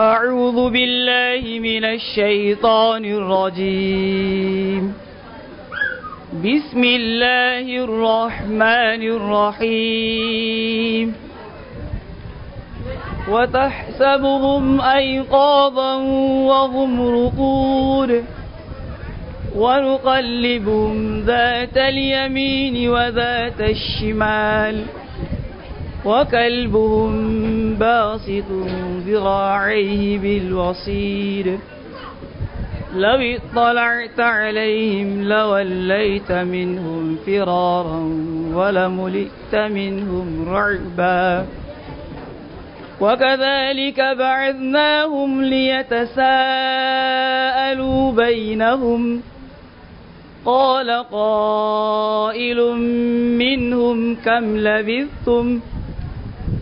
أعوذ بالله من الشيطان الرجيم بسم الله الرحمن الرحيم وتحسبهم أيقاظا وهم رقود ونقلبهم ذات اليمين وذات الشمال وكلبهم باسط ذراعيه بالوصير لو اطلعت عليهم لوليت منهم فرارا ولملئت منهم رعبا وكذلك بعثناهم ليتساءلوا بينهم قال قائل منهم كم لبثتم ؟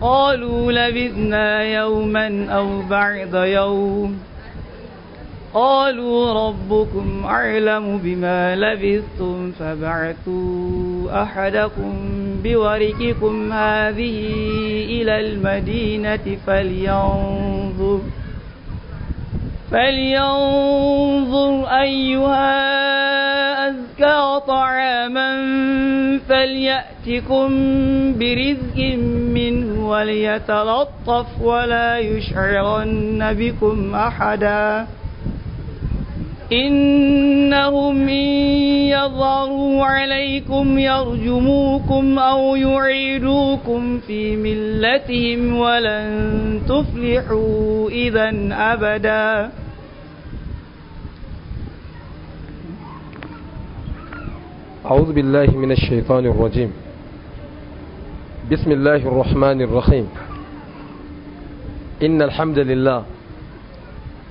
قالوا لبثنا يوما أو بعض يوم قالوا ربكم أعلم بما لبثتم فبعثوا أحدكم بورككم هذه إلى المدينة فلينظر فلينظر أيها أزكى طعاما فليأتكم برزق منه وليتلطف ولا يشعرن بكم أحدا إنهم إن يظهروا عليكم يرجموكم أو يعيدوكم في ملتهم ولن تفلحوا إذا أبدا أعوذ بالله من الشيطان الرجيم بسم الله الرحمن الرحيم إن الحمد لله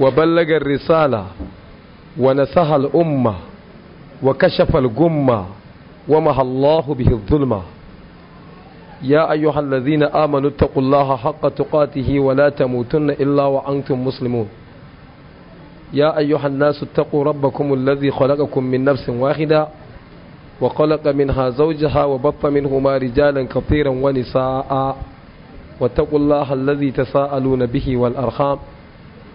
وبلغ الرسالة ونسها الأمة وكشف الجمة ومه الله به الظلمة يا أيها الذين آمنوا اتقوا الله حق تقاته ولا تموتن إلا وأنتم مسلمون يا أيها الناس اتقوا ربكم الذي خلقكم من نفس واحدة وخلق منها زوجها وبط منهما رجالا كثيرا ونساء واتقوا الله الذي تساءلون به والأرحام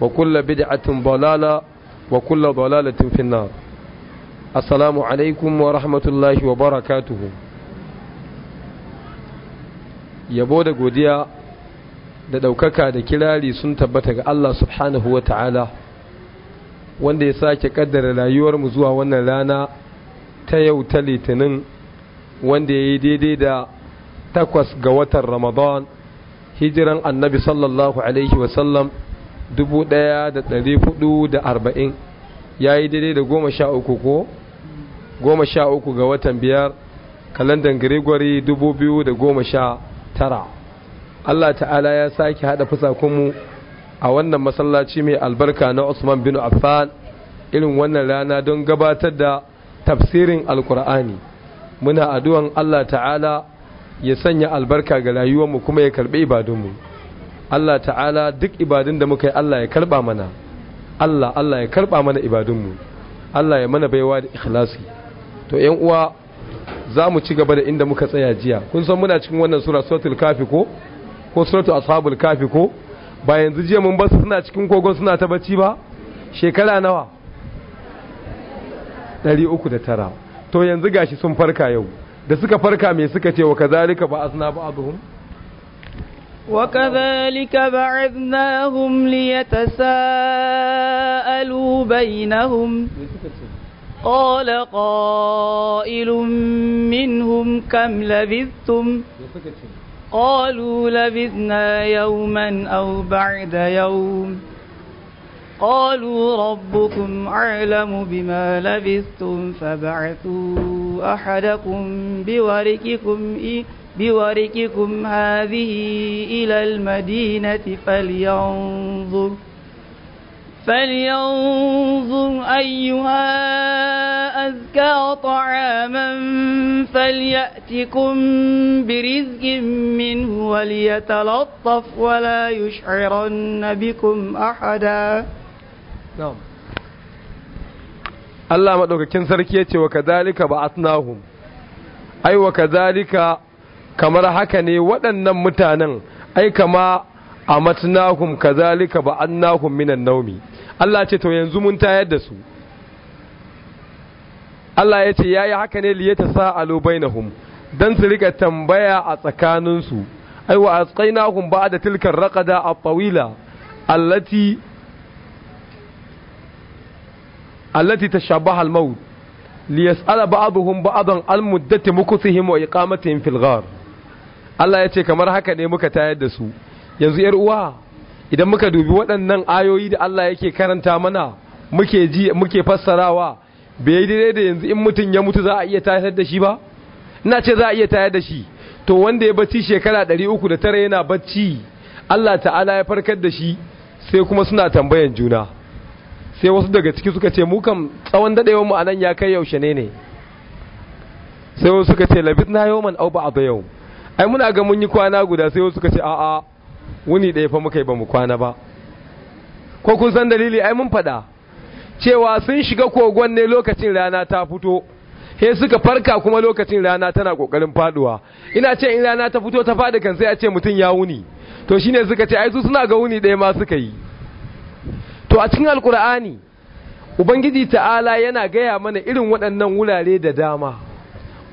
وكل بدعة ضلالة وكل ضلالة في النار السلام عليكم ورحمة الله وبركاته yabo da godiya da ɗaukaka da kirari sun tabbatar ga Allah subhanahu wa ta'ala wanda ya sake ƙaddara mu zuwa wannan rana ta yau ta litinin wanda ya yi daidai da takwas ga watan ramadan hijiran annabi sallallahu alaihi wasallam 1440 ya yi daidai da 13 ko goma sha uku ga watan biyar kalandan gregory 2019 Allah ta'ala ya sake haɗa fusakunmu a wannan masallaci mai albarka na Usman bin Affan irin wannan rana don gabatar da tafsirin alkur'ani muna addu'an Allah ta'ala ya sanya albarka ga rayuwarmu kuma ya karɓi ibadunmu Allah ta'ala duk ibadun da muka yi Allah ya karba mana Allah Allah ya karba mana ibadunmu Allah ya mana baiwa da ikhlasi to 'yan uwa za mu ci gaba da inda muka tsaya jiya kun san muna cikin wannan sura suratul kafi ko ko suratul ashabul kafi ko ba yanzu jiya mun basu suna cikin kogon suna ta bacci ba shekara nawa tara. to yanzu gashi sun farka yau da suka farka mai suka ce wa kazalika ba asna ba'dhum وكذلك بعثناهم ليتساءلوا بينهم قال قائل منهم كم لبثتم قالوا لبثنا يوما أو بعد يوم قالوا ربكم أعلم بما لبثتم فبعثوا أحدكم بورككم إيه بورقكم هذه إلى المدينة فلينظر فلينظر أيها أزكى طعاما فليأتكم برزق منه وليتلطف ولا يشعرن بكم أحدا نعم الله maɗaukakin sarki ya ce wa kadalika ba asnahum kamar haka ne waɗannan mutanen ai kama a matnahum kazalika ba annahum minan naumi Allah ce to yanzu mun tayar da su Allah ya ce ya yi haka ne liyata sa na bainahum don su rika tambaya a tsakaninsu ai wa asqainahum da tilkar raqada a tawila allati allati tashabaha al-maut liyas'ala ba'dhum ba'dan al-muddati mukusihim wa iqamatihim fil ghar Allah ya ce kamar haka ne muka tayar da su yanzu yar uwa idan muka dubi waɗannan ayoyi da Allah yake karanta mana muke ji muke fassarawa bai daidai da yanzu in mutum ya mutu za a iya tayar da shi ba ina ce za a iya tayar da shi to wanda ya bacci shekara 309 yana bacci Allah ta'ala ya farkar da shi sai kuma suna tambayan juna sai wasu daga ciki suka ce mu tsawon dadewar mu anan ya kai yaushe ne ne sai wasu suka ce labitna yawman aw ba'da yawm ai muna ga mun yi kwana guda sai wasu suka ce a'a wuni ɗaya fa muka yi ba mu kwana ba ko kun san dalili ai mun faɗa cewa sun shiga kogon ne lokacin rana ta fito he suka farka kuma lokacin rana tana kokarin faduwa ina ce in rana ta fito ta fada kan sai a ce mutum ya wuni to shine suka ce ai su suna ga wuni ɗaya ma suka yi to a cikin alkur'ani ubangiji ta'ala yana gaya mana irin waɗannan wurare da dama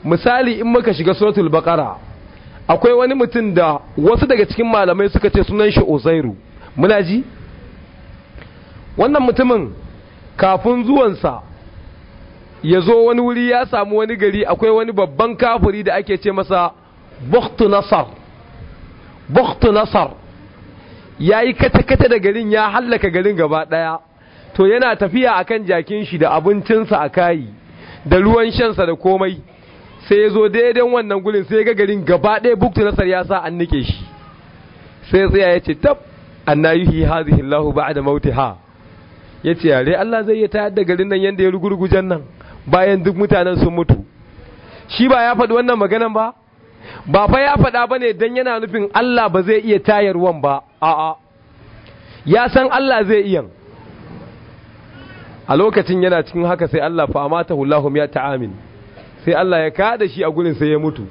misali in muka shiga suratul baqara akwai wani mutum da wasu daga cikin malamai suka ce sunan shi uzairu muna ji wannan mutumin kafin zuwansa ya zo wani wuri ya samu wani gari akwai wani babban kafuri da ake ce masa bukhtu nasar bukhtu nasar ya yi kata-kata da garin ya hallaka garin gaba ɗaya to yana tafiya akan jakin shi da abincinsa a kayi da ruwan shansa da komai sai ya zo daidai wannan gulin sai ga garin gaba ɗaya buktu nasar ya sa an nike shi sai tsaya ya ce tab an na yuhi hazihi lahu ba da mauti ha ya ce yare Allah zai yi tayar da garin nan yadda ya rugurgujen nan bayan duk mutanen sun mutu shi ba ya faɗi wannan maganan ba ba fa ya faɗa ba ne don yana nufin Allah ba zai iya tayarwan ba a'a ya san Allah zai iya a lokacin yana cikin haka sai Allah fa amata hulahum ya ta'amin sai Allah ya kada shi a gurin sai ya mutu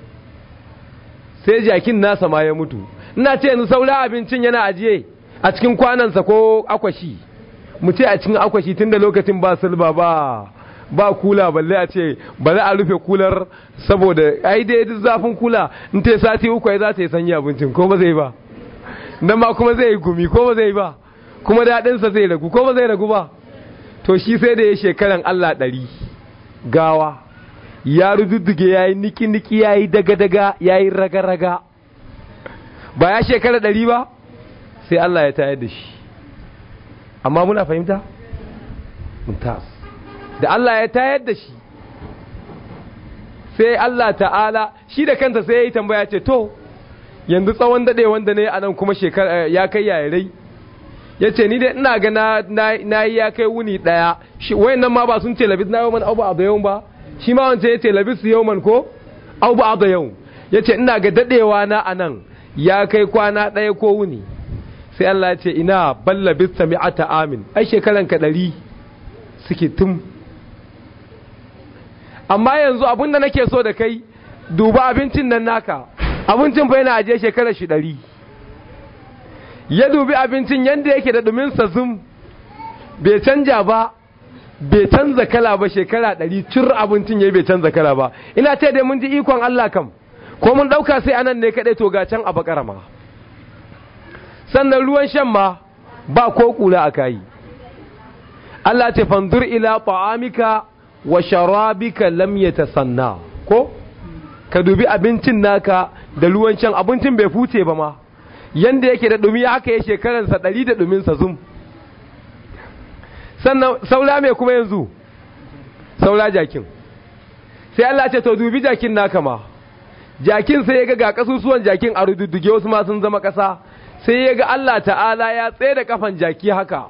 sai jakin nasa ma ya mutu ina ce yanzu saura abincin yana ajiye a cikin kwanansa ko akwashi mu ce a cikin akwashi tunda lokacin ba silba ba ba kula balle a ce za a rufe kular saboda ai dai duk zafin kula in ta sati uku ai za ta yi sanya abincin ko ba zai ba dan ma kuma zai yi gumi ko ba zai ba kuma daɗinsa zai ragu ko ba zai ragu ba to shi sai da ya shekaran Allah ɗari gawa ya rududduge ya yi niki-niki ya yi daga-daga ya yi raga-raga ba ya shekara ɗari ba sai Allah ya tayar da shi amma muna fahimta? muntas da Allah ya tayar da shi sai Allah ta'ala shi da kanta sai ya yi tambaya ce to yanzu tsawon daɗe wanda ne a nan kuma eh, ya kai yayarai ya ce ni dai ina ga na yi ya kai wuni ɗaya wayan nan ma ba sun ce labis na yau mana abu a bayan ba shi ma wancan ya ce labisu ko au ba da yau ya ce ina ga dadewa na a nan ya kai kwana ɗaya ko wuni sai Allah ce ina bal labista mi'ata amin ai shekaran ka ɗari suke tum amma yanzu abin da nake so da kai duba abincin nan naka abincin fa yana aje shekarar shi ɗari ya dubi abincin yadda yake da ɗumin sa zum bai canja ba bai canza kala ba shekara ɗari cir abincin ya bai canza kala ba ina ce dai mun ji ikon Allah kam ko mun ɗauka sai anan ne kaɗai to ga can a baƙara ma sannan ruwan shan ma ba ko ƙula a kayi Allah ce fandur ila ta'amika wa sharabika lam yatasanna ko ka dubi abincin naka da ruwan shan abincin bai fuce ba ma yanda yake da ɗumi haka ya shekaransa ɗari da duminsa zum sannan saula mai kuma yanzu saula jakin sai Allah ce to dubi jakin na kama. jakin sai ya ga ga kasusuwan jakin a rududduge wasu ma sun zama kasa sai ya ga Allah ta'ala ya tsaye da kafan jaki haka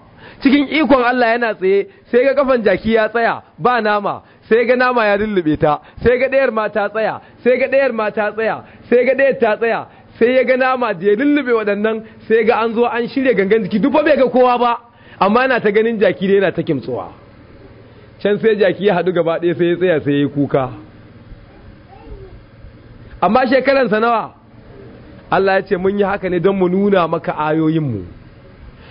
cikin ikon Allah yana tsaye sai ga kafan jaki ya tsaya ba nama sai ga nama ya lullube ta sai ga ɗayar ma ta tsaya sai ga ɗayar ma ta tsaya sai ga ɗayar ta tsaya sai ya ga nama da ya lullube waɗannan sai ga an zo an shirya gangan jiki duk ba bai ga kowa ba amma yana ta ganin jaki da yana ta kimtsuwa can sai jaki ya haɗu gaba ɗaya sai ya tsaya sai ya kuka amma shekaransa nawa Allah ya ce mun yi haka ne don mu nuna maka ayoyinmu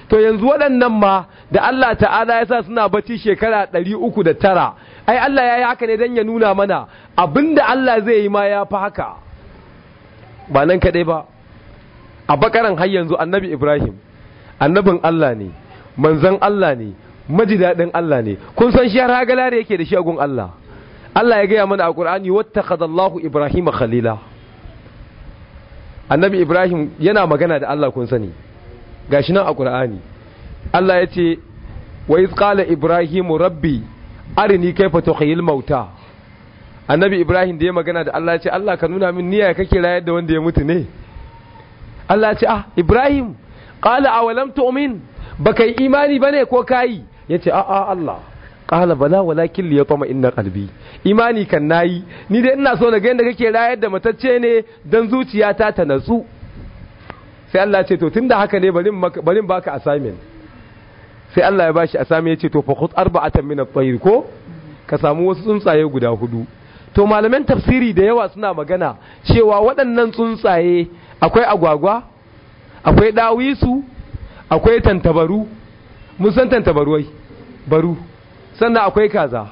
to yanzu waɗannan ma da Allah ta'ala ya sa suna bacci shekara ɗari uku da tara ai Allah ya yi haka ne don ya nuna mana abinda Allah zai yi ma ya fi haka ba nan kaɗai ba a bakaran har yanzu annabi Ibrahim annabin Allah ne manzan Allah ne majidadin Allah ne kun san shi har hagala da yake da shi Allah Allah ya gaya mana a Qur'ani wattakhadallahu Ibrahim khalila Annabi Ibrahim yana magana da Allah kun sani gashi nan a Qur'ani Allah ya ce wa iz qala ibrahimu rabbi arini kayfa tuhyil mauta Annabi Ibrahim da ya magana da Allah ya ce Allah ka nuna min niyya kake rayar da wanda ya mutu ne Allah ya ce ah Ibrahim qala awalam tu'min baka yi imani bane ko kayi yace a a Allah qala bala walakin li yatma inna qalbi imani kan nayi ni dai ina so na ga yanda kake rayar da matacce ne dan zuciyata ta natsu sai Allah ce to tunda haka ne bari bari baka assignment sai Allah ya bashi assignment yace to fa arba'atan min at-tayr ko ka samu wasu tsuntsaye guda hudu to malaman tafsiri da yawa suna magana cewa waɗannan tsuntsaye akwai agwagwa akwai dawisu akwai tantabaru musan tantabaru ai baru sannan akwai kaza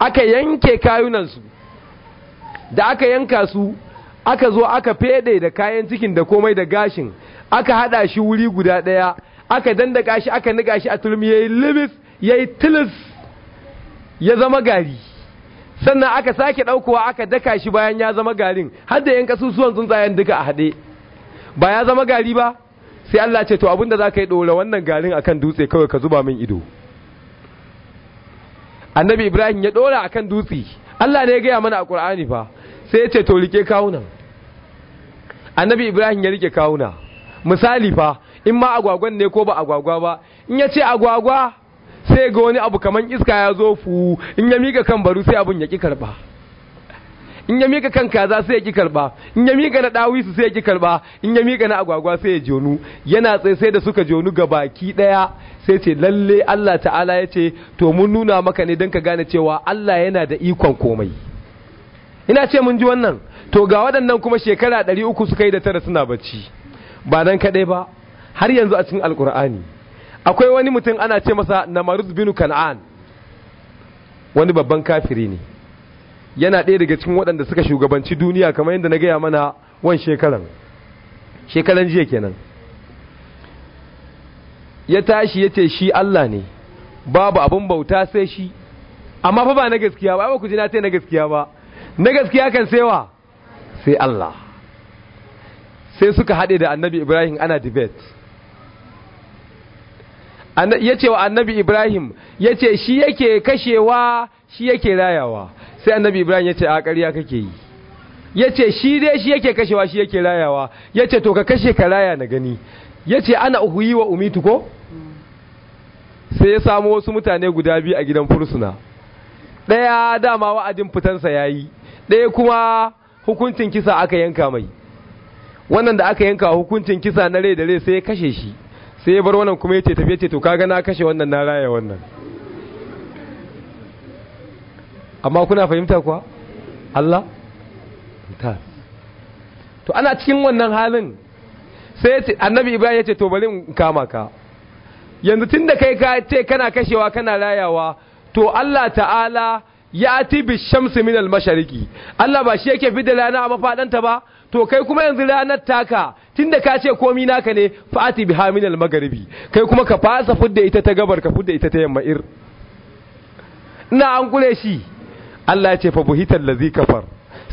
aka yanke kayunansu da aka yanka su aka zo aka fede da kayan cikin da komai da gashin aka hada shi wuri guda daya aka dandaka shi aka niga shi a turmi yayi limis yayi tilis ya zama gari sannan aka sake daukowa aka daka shi bayan ya zama garin har da yan kasusuwan tsuntsayen duka a hade ba ya zama gari ba sai Allah ce to abinda za ka yi ɗora wannan garin akan dutse kawai ka zuba min ido annabi ibrahim ya ɗora akan dutse Allah ne ya gaya mana a ƙur'ani fa sai ya ce to rike kawunan annabi ibrahim ya rike kawuna misali fa in ma agwagwan ne ko ba agwagwa ba in ya ce agwagwa sai ga wani abu kamar iska ya zo fu in ya miƙa kan baru sai abin ya ƙi karɓa in ya mika kan kaza sai ya ki karba in ya mika na dawisu sai ya ki karba in ya mika na agwagwa sai ya jonu yana tsaye sai da suka jonu ga baki daya sai ce lalle Allah ta'ala ya ce to mun nuna maka ne don ka gane cewa Allah yana da ikon komai ina ce mun ji wannan to ga waɗannan kuma shekara ɗari uku suka yi da tara suna bacci ba dan kaɗai ba har yanzu a cikin alkur'ani akwai wani mutum ana ce masa namaruz bin kan'an wani babban kafiri ne yana ɗaya daga cikin waɗanda suka shugabanci duniya kamar yadda na gaya mana wan shekaran shekaran jiya kenan ya tashi ya ce shi Allah ne babu abin bauta sai shi amma fa ba na gaskiya ba ba ku ji na ce na gaskiya ba na gaskiya kan sai wa? sai Allah sai suka haɗe da annabi Ibrahim ana debate ya ce wa annabi Ibrahim ya ce shi yake kashewa shi yake rayawa sai annabi ibrahim ya ce a ƙarya kake yi ya ce shi dai shi yake kashewa shi yake rayawa ya ce to ka kashe ka raya na gani ya ce ana yi wa umitu ko sai ya samu wasu mutane guda biyu a gidan fursuna ɗaya dama wa'adin fitansa ya yi ɗaya kuma hukuncin kisa aka yanka mai wannan da aka yanka hukuncin kisa na rai da rai sai ya kashe shi sai ya bar wannan kuma ya ce tafiye ce to kaga na kashe wannan na raya wannan amma kuna fahimta kuwa Allah ta to ana cikin wannan halin sai annabi ibrahim ya ce to bari in kama ka yanzu tun da kai ka ce kana kashewa kana rayawa to Allah ta'ala ya ti bi shamsu min al-mashariqi Allah ba shi yake fidda rana a mafadanta ba to kai kuma yanzu ranar taka tunda ka ce komi naka ne fa'ati biha min al-magharibi kai kuma ka fasa fudda ita ta gabar ka fudda ita ta yamma ir ina an kure shi Allah ya ce fa buhital ladzi kafar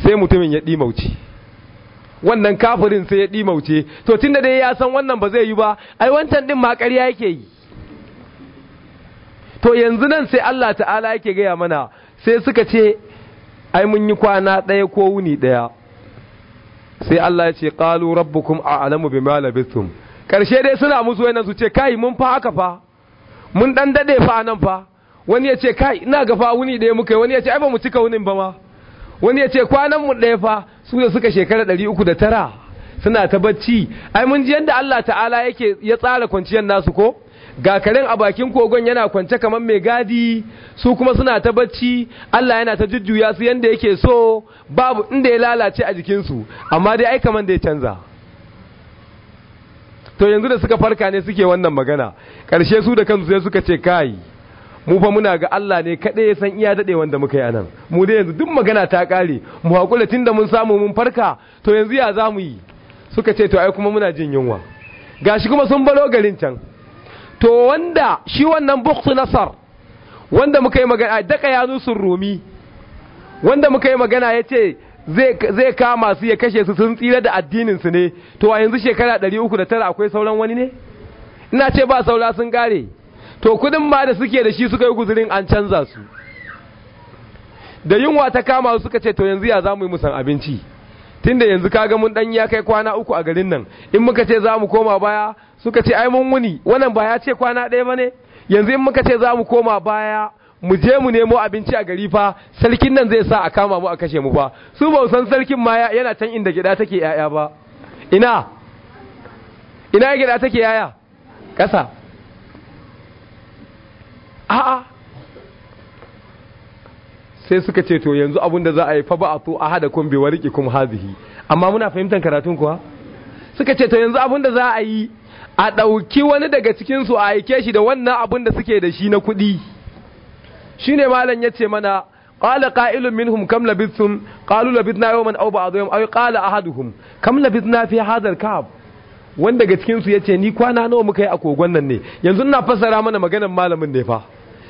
sai mutumin ya dimauce wannan kafirin sai ya dimauce to tunda dai ya san wannan ba zai yi ba ai wancan din ma ƙarya yake yi to yanzu nan sai Allah ta'ala yake gaya mana sai suka ce ai mun yi kwana ɗaya ko wuni ɗaya sai Allah ya ce qalu rabbukum a'lamu bima labithum karshe dai suna musu wannan su ce kai mun fa haka fa mun dan dade fa nan fa wani ya ce kai ina ga fa wuni ɗaya muka yi wani ya ce aiba mu cika wunin ba ma wani ya ce kwanan mu ɗaya fa su da suka shekara ɗari uku da tara suna ta bacci ai mun ji yadda Allah ta'ala yake ya tsara kwanciyar nasu ko ga karen a bakin kogon yana kwance kamar mai gadi su kuma suna ta bacci Allah yana ta jujjuya su yanda yake so babu inda ya lalace a jikinsu amma dai ai kamar da ya canza to yanzu da suka farka ne suke wannan magana Karshe su da kansu sai suka ce kai mu fa muna ga Allah ne kaɗai ya san iya daɗe wanda muka yi anan mu dai yanzu duk magana ta ƙare mu haƙura tun da mun samu mun farka to yanzu ya za mu yi suka ce to ai kuma muna jin yunwa gashi kuma sun balo garin can to wanda shi wannan buktu nasar wanda muka yi magana daka yanu sun rumi wanda muka yi magana ya ce zai kama su ya kashe su sun tsira da addinin su ne to a yanzu shekara da tara akwai sauran wani ne ina ce ba saura sun gare to kudin ma da suke da shi suka yi guzurin an canza su da yunwa ta kama suka ce to yanzu ya za mu yi musan abinci tunda yanzu kaga mun dan ya kai kwana uku a garin nan in muka ce za mu koma baya suka ce ai mun wuni wannan ba ya ce kwana ɗaya ba ne yanzu in muka ce za mu koma baya mu je mu nemo abinci a gari fa sarkin nan zai sa a kama mu a kashe mu fa su ba san sarkin ma yana can inda gida take yaya ba ina ina gida take yaya kasa a'a sai suka ce to yanzu abun da za a yi fa ba'atu ahadakum bi warqikum hazihi amma muna fahimtar karatun kuwa suka ce to yanzu abun da za a yi a ɗauki wani daga cikin su a aike shi da wannan abun da suke da shi na kuɗi shine malam yace mana قال قائل منهم كم لبثتم قالوا لبثنا يوما او بعض يوم او قال kam كم na fi هذا الكعب wanda daga cikinsu ya ce ni kwana nawa muka yi a kogon nan ne yanzu na fassara mana maganar malamin ne fa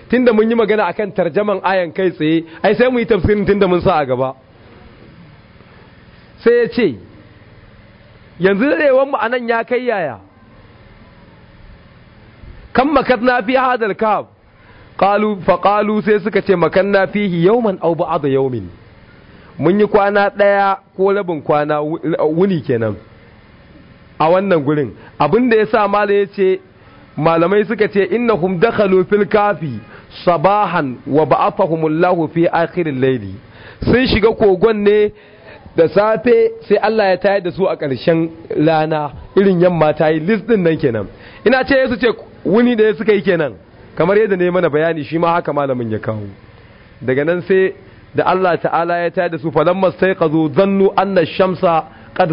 tunda mun yi magana akan tarjaman ayan kai tsaye ai sai mu yi tafsirin tunda mun sa a gaba sai ya ce yanzu daɗewar mu anan ya kai yaya kan na fi hadal kaf qalu fa qalu sai suka ce na fihi yawman aw ba'd yawmin mun yi kwana daya ko rabin kwana wuni kenan a wannan gurin abin da ya sa malam ya ce malamai suka ce innahum dakhalu fil kafi sabahan wa ba'afahumullahu fi akhiril layli sun shiga kogon ne da safe sai Allah ya tayar da su a ƙarshen rana irin yamma ta yi list din nan kenan ina ce su ce wuni da suka yi kenan kamar yadda ne mana bayani shi ma haka malamin ya kawo daga nan sai da Allah ta'ala ya tayar da su falamma sai qazu zannu anna shamsa qad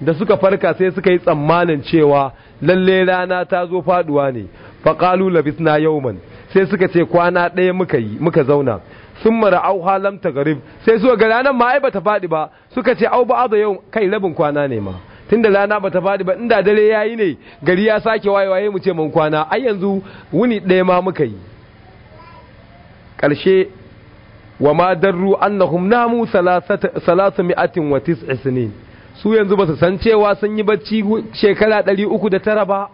da suka farka sai suka yi tsammanin cewa lalle rana ta zo faduwa ne faƙalu labisna yauman sai suka ce kwana ɗaya muka yi muka zauna sun mara au halam ta garib sai suka ga ranar ma ai bata faɗi ba suka ce au ba da yau kai rabin kwana ne ma tunda rana bata fadi ba inda dare yayi ne gari ya sake wayewaye mu ce mun kwana ai yanzu wuni ɗaya ma muka yi ƙarshe wa ma darru annahum namu salasu mi'atin wa sinin su yanzu ba su san cewa sun yi bacci shekara ɗari uku da tara ba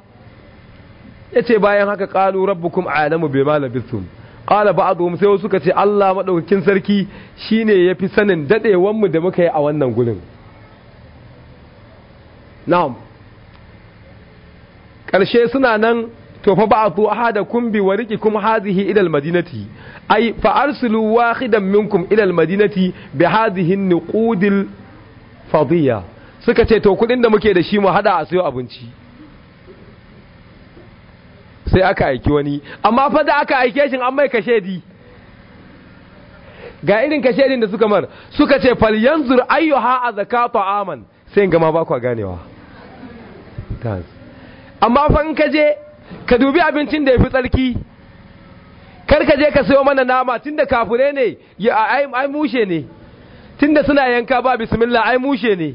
ya ce bayan haka ƙalu rabbukum yanamu bai ma labistum ƙala ba a sai wasu ka ce Allah maɗaukakin sarki shine ya fi sanin daɗewanmu da muka yi a wannan gurin na'am ƙarshe suna nan to fa ba'athu ahadakum bi wariqikum hadhihi ila madinati. ay fa arsilu wahidan minkum ila madinati bi hadhihi an-nuqudil fadiyya suka ce to kudin da muke da shi mu hada a sayo abinci sai aka aiki wani amma fa da aka aike shi an mai kashedi ga irin din da suka mar suka ce fal yanzur ayyuha azakatu aman sai ga ma ba ku ganewa amma fa in kaje ka dubi abincin da yafi tsarki kar ka je ka sayo mana nama tunda kafure ne ya ai mushe ne tunda suna yanka ba bismillah ai mushe ne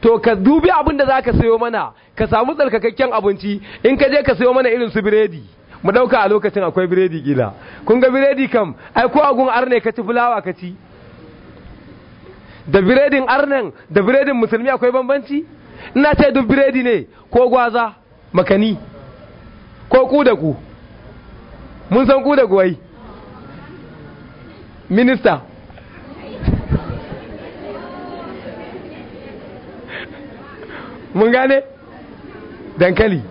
to ka dubi abin da zaka sayo mana ka samu tsarkakakken abinci in ka je ka sayo mana irin su biredi mu ɗauka a lokacin akwai biredi gila kun ga biredi kam ai ko agun arne ka ci fulawa ka ci da biredin arnan da biredin musulmi akwai bambanci ina ce duk biredi ne ko gwaza makani ko ku da ku mun san ku da minista mun gane dankali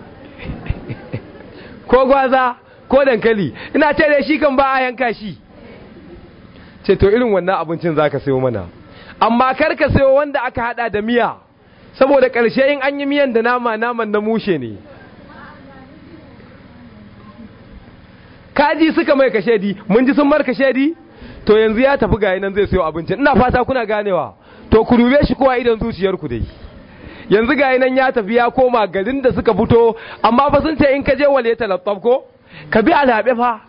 ko gwaza ko dankali ina ce da shi kan ba a yanka shi ce to irin wannan abincin za ka sayo mana amma kar ka sayo wanda aka hada da miya saboda ƙarshe in an yi miyan da nama naman na mushe ne kaji suka mai kashedi mun ji sun mar kashedi to yanzu ya tafi ga nan zai sayo abincin ina fata kuna ganewa to ku rube shi kowa idan zuciyarku dai yanzu ga nan ya tafi ya koma garin da suka fito amma ba sun ce in ka je wale ta talaffaf ko ka bi alhaɓe fa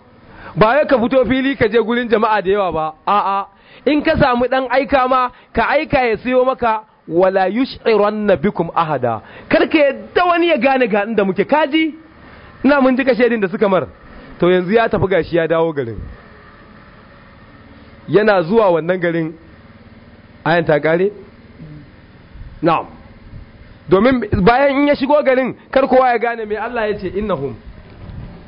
ba wai ka fito fili ka je gurin jama'a da yawa ba a'a in ka samu dan aika ma ka aika ya siyo maka wala yushiran nabikum ahada karka yadda wani ya gane ga inda muke kaji ina mun jika shedin da suka mar to yanzu ya tafi gashi ya dawo garin yana zuwa wannan garin ayan kare na'am domin bayan in ya shigo garin kowa ya gane mai Allah ya ce innahum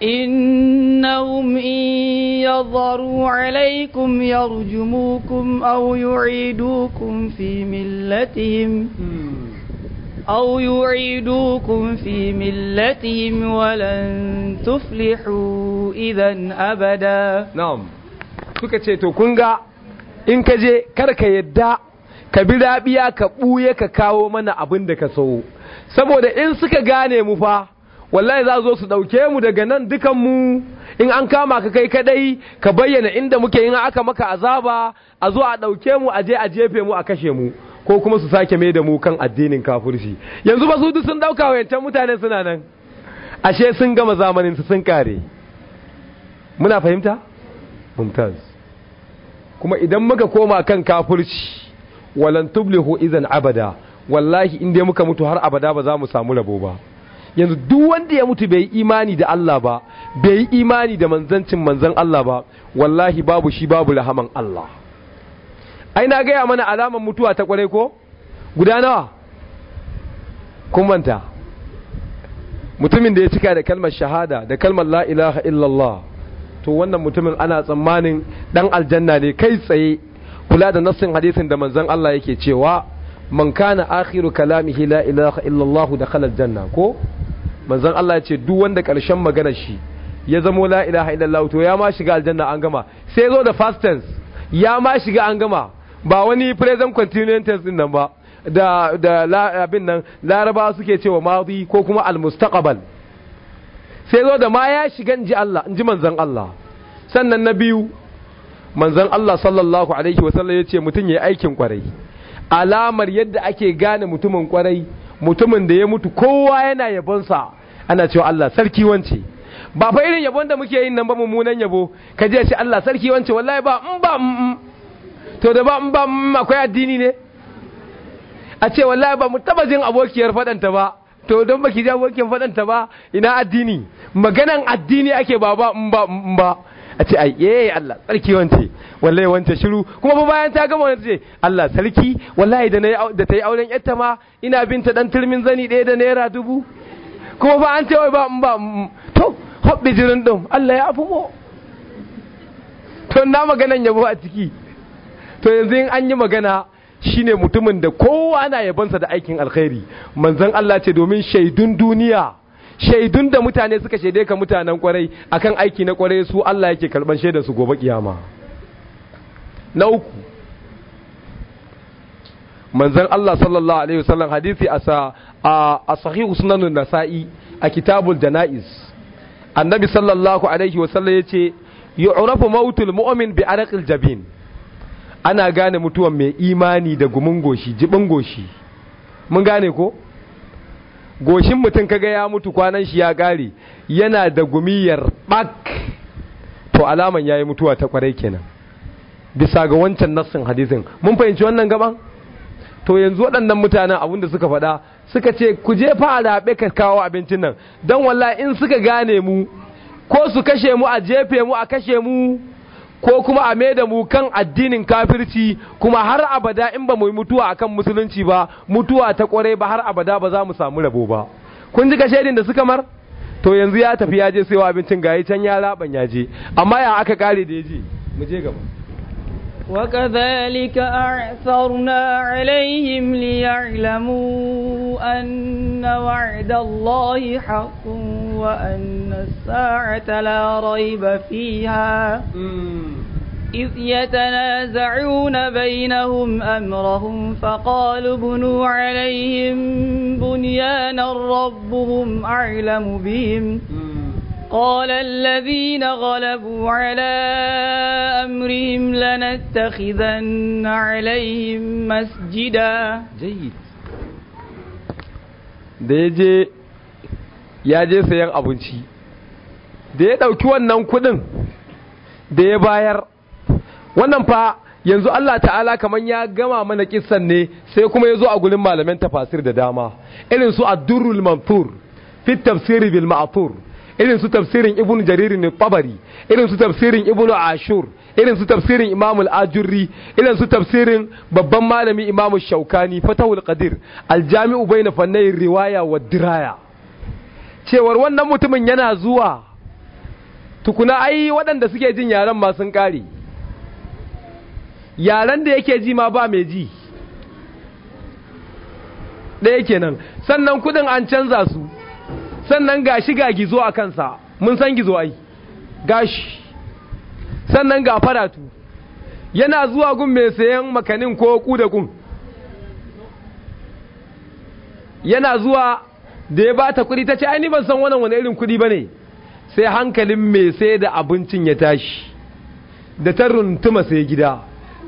innahum in yadharu alaykum yarjumukum aw yu'idukum fi millatihim hmm. aw yu'idukum fi millatihim walan tuflihu idan abada na'am suka ce to kun in ka je kar ka yadda ka bi rabiya ka buye ka kawo mana abin da ka sau saboda in suka gane mu fa wallahi za zo su ɗauke mu daga nan dukanmu in an kama ka kai kadai ka bayyana inda muke in aka maka azaba a zo a dauke mu a je a jefe mu a kashe mu ko kuma su sake mai da mu kan addinin kafirci yanzu ba su duk sun dauka wayancan mutane suna nan ashe sun gama zamanin su sun kare muna fahimta mumtaz kuma idan muka koma kan kafirci walan tublihu idan abada wallahi in dai muka mutu har abada ba za mu samu rabo ba yanzu duk wanda ya mutu bai imani da Allah ba bai imani da manzancin manzan Allah ba wallahi babu shi babu rahaman Allah ai na gaya mana alaman mutuwa ta kwarai ko guda nawa kun manta mutumin da ya cika da kalmar shahada da kalmar la ilaha illallah to wannan mutumin ana tsammanin dan aljanna ne kai tsaye kula da nassin hadisin da manzon Allah yake cewa man kana akhiru kalamihi la ilaha illallah dakhala aljanna ko manzon Allah ya ce duk wanda karshen maganar shi ya zamo la ilaha illallah to ya ma shiga aljanna an gama sai zo da fast tense ya ma shiga an gama ba wani present continuous tense din nan ba da da abin nan laraba suke cewa madi ko kuma almustaqbal sai zo da ma ya shiga inji Allah inji manzon Allah sannan na biyu manzon Allah sallallahu alaihi wasallam ya ce mutum ya aikin kwarai alamar yadda ake gane mutumin kwarai mutumin da ya mutu kowa yana yabonsa ana cewa Allah sarki wance ba fa irin yabon da muke yin nan ba mummunan yabo ka je shi Allah sarki wance wallahi ba in mm, ba mm, mm. to da ba in ba akwai addini ne a ce wallahi ba mu taba jin abokiyar fadanta ba to don baki ji abokin fadanta ba ina addini maganan addini ake ba ba in ba in ba a ce ai eh Allah sarki wance wallahi wance shiru kuma ba bayan ta gama wani ce Allah sarki wallahi da da ta yi auren yatta ma ina binta dan turmin zani ɗaya da naira dubu kuma ba an ce wai ba ba to hobbi jirin din Allah ya afu mu to na maganan yabo a ciki to yanzu in an yi magana shine mutumin da kowa na yabansa da aikin alkhairi manzon Allah ce domin shaidun duniya shaidun da mutane suka shaide ka mutanen kwarai akan aiki na kwarai su Allah yake karban shaidar su gobe kiyama na uku manzon Allah sallallahu alaihi wasallam hadisi asa a sahihu sunanun nasa'i a kitabul janaiz annabi sallallahu alaihi wasallam yace yu'rafu mautul mu'min bi araqil jabin ana gane mutuwan mai imani da gumin goshi jibin goshi mun gane ko goshin mutum kaga ya mutu kwanan shi ya gare yana da gumiyar bak to alaman ya yi mutuwa ta kwarai kenan bisa ga wancan nassin hadisin mun fahimci wannan gaban to yanzu waɗannan mutanen abun da suka faɗa suka ce ku je fara a ka kawo abincin nan don walla in suka gane mu ko su kashe mu a jefe mu a kashe mu ko kuma a mai da mu kan addinin kafirci kuma har abada in ba mu yi mutuwa akan musulunci ba mutuwa ta kwarai ba har abada ba za mu samu rabo ba kun ji shaidin da suka mar to yanzu ya tafi ya je sai wa abincin gayi can ya laban ya je amma ya aka kare da ya je mu je gaba وكذلك أعثرنا عليهم ليعلموا أن وعد الله حق وأن الساعة لا ريب فيها إذ يتنازعون بينهم أمرهم فقالوا بنوا عليهم بنيانا ربهم أعلم بهم قال الذين غلبوا على أمرهم لنتخذن عليهم مسجدا جيد da ya je ya je sayan abinci da ya ɗauki wannan kuɗin da ya bayar wannan fa yanzu Allah ta'ala kamar ya gama mana kissan ne sai kuma ya zo a gurin malaman tafasir da dama irin su ad manfur manthur fi tafsir bil ma'thur irin su tafsirin ibnu jaririn ne tabari irin su tafsirin ibnu ashur irin su tafsirin imam al-ajurri irin su tafsirin babban malami imam shaukani fatahul qadir al-jami'u bayna fannayin riwaya wa diraya cewar wannan mutumin yana zuwa tukuna ai waɗanda suke jin yaren ma sun kare yaren da yake ji ma ba mai ji ɗaya kenan sannan kudin an canza su sannan gashi shiga gizo a kansa mun san gizo ai gashi sannan ga faratu yana zuwa gun mai sayan makanin ko kuda gun yana zuwa da ya ba ta kudi ta ce ai ban san wannan wani irin kudi ne." sai hankalin mai sai da abincin ya tashi da ta runtuma sai gida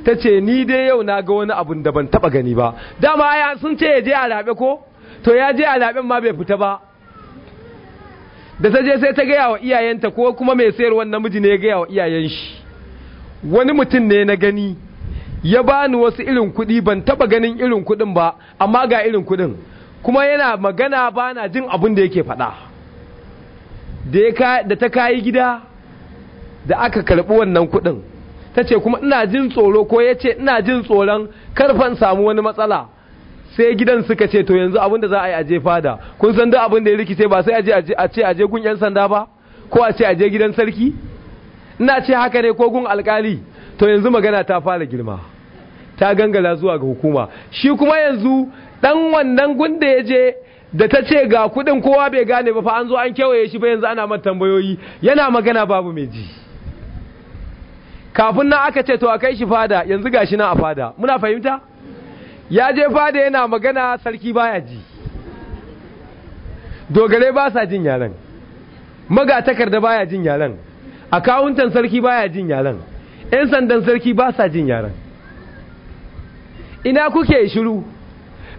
ta ce ni dai yau na ga wani abun da ban taba gani ba dama ya sun ce ya je a raɓe ko to ya je a raɓen ma bai fita ba da ta je sai ta gaya wa iyayenta ko kuma mai sayarwar namiji ne ya gaya wa iyayen shi wani mutum ne na gani ya bani wasu irin kuɗi ban taba ganin irin kuɗin ba amma ga irin kuɗin kuma yana magana ba na jin abin da yake faɗa da ta kayi gida da aka karɓi wannan kuɗin ta ce kuma ina jin tsoro ko ya ce ina jin tsoron karfan samu wani matsala sai gidan suka ce to yanzu abin da za a yi aje fada kun san duk abin da ya rikice ba sai aje a ce aje gun yan sanda ba ko a ce aje gidan sarki ina ce haka ne ko gun alkali to yanzu magana ta fara girma ta gangala zuwa ga hukuma shi kuma yanzu dan wannan gun ya je da ta ce ga kudin kowa bai gane ba fa an zo an kewaye shi ba yanzu ana mata tambayoyi yana magana babu mai ji kafin nan aka ce to a kai shi fada yanzu gashi nan a fada muna fahimta ya je fada yana magana sarki baya ji dogare ba sa jin yaren magatakarda baya jin yaren akawuntan sarki baya jin yaren 'yan sandan sarki ba sa jin yaren ina kuke shiru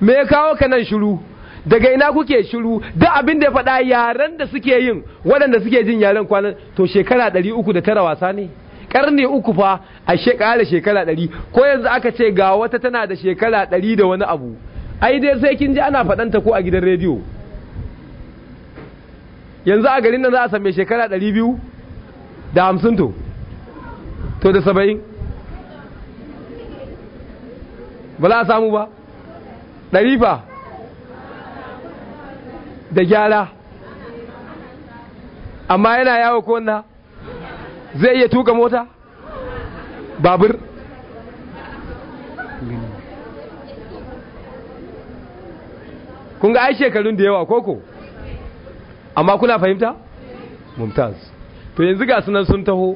me ya kawo ka nan shiru daga ina kuke shiru duk abin da ya faɗa yaren da suke yin waɗanda suke jin yaren kwanan to shekara ɗari uku da tara wasa ne karne uku fa a shekara shekara ɗari ko yanzu aka ce ga wata tana da shekara ɗari da wani abu ai dai sai kin ji ana faɗanta ko a gidan rediyo yanzu a garin nan za a same shekara ɗari biyu da hamsin to to da saba'in ba za a samu ba ɗari fa da gyara amma yana yawo ko wannan zai iya tuka mota babur kun ga ai shekarun da yawa koko amma kuna fahimta mumtaz to yanzu ga sunan sun taho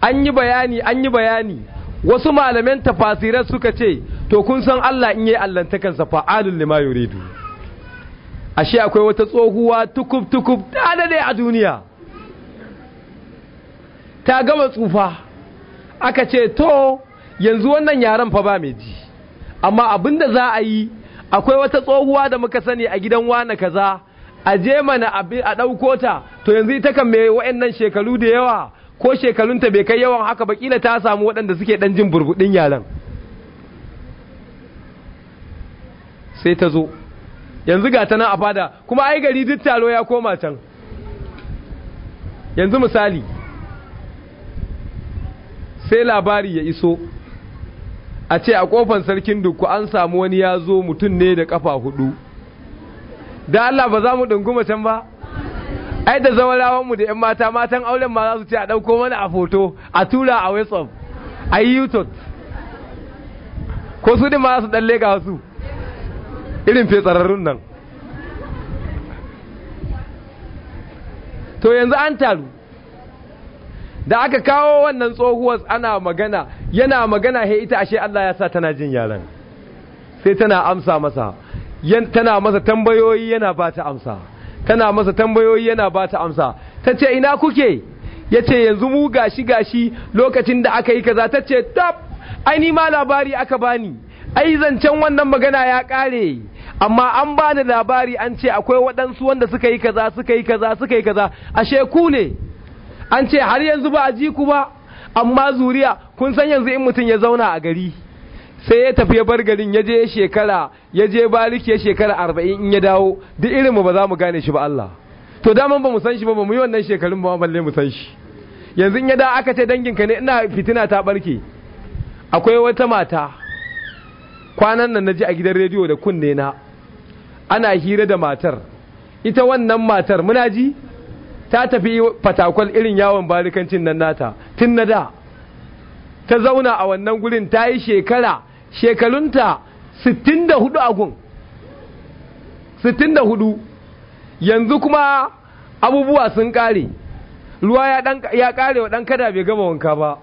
an yi bayani an yi bayani wasu malaman tafasirar suka ce to kun san Allah in yayi allantakansa fa'adun lima yuridu ashe akwai wata tsohuwa tukub tukub ta dai a duniya ta gama tsufa aka ce to yanzu wannan yaran fa ba mai ji amma abinda za a yi akwai wata tsohuwa da muka sani a gidan wane kaza a je mana a ɗauko ta to yanzu ita kan mai wa'annan shekaru da yawa ko shekarunta bai kai yawan haka ba kila ta samu waɗanda suke ɗan jin burbuɗin yaran sai ta zo yanzu ga ta nan a fada kuma ai gari duk taro ya koma can yanzu misali sai labari ya iso a ce a kofan sarkin dukku an samu wani ya zo mutum ne da kafa hudu da Allah ba za mu dunguma can ba ai da zawarawanmu da 'yan mata matan auren ma za su ce a ɗauko mana a foto a tura a whatsapp a yi youtube ko su ɗin ma za su ɗan ga wasu irin fetsararrun nan to yanzu an taru da aka kawo wannan tsohuwar ana magana yana magana he ita ashe Allah ya sa tana jin yaran sai tana amsa masa yan tana masa tambayoyi yana ba ta amsa tana masa tambayoyi yana ba ta amsa tace ina kuke yace yanzu mu gashi gashi lokacin da aka yi kaza tace tab ai ni ma labari aka bani ai zancen wannan magana ya kare amma an bani labari an ce akwai waɗansu wanda suka yi kaza suka yi kaza suka yi kaza ashe ku ne an ce har yanzu ba a ji ku ba amma zuriya kun san yanzu in mutum ya zauna a gari sai ya tafi ya bar garin ya je shekara ya je baliki shekara arba'in in ya dawo duk mu ba za mu gane shi ba Allah to daman ba mu san shi ba mu yi wannan shekarun ba balle mu san shi yanzu in ya da aka ce dangin ka ne ina fitina ta barke akwai wata mata kwanan nan naji a gidan rediyo da kunne na ana hira da matar ita wannan matar muna ji ta tafi fatakwal irin yawon barikancin nan nata tun na da ta zauna a wannan gurin ta yi shekara shekarunta 64 a gun 64 yanzu kuma abubuwa sun kare ruwa ya kare wa ɗan kada bai gama wanka ba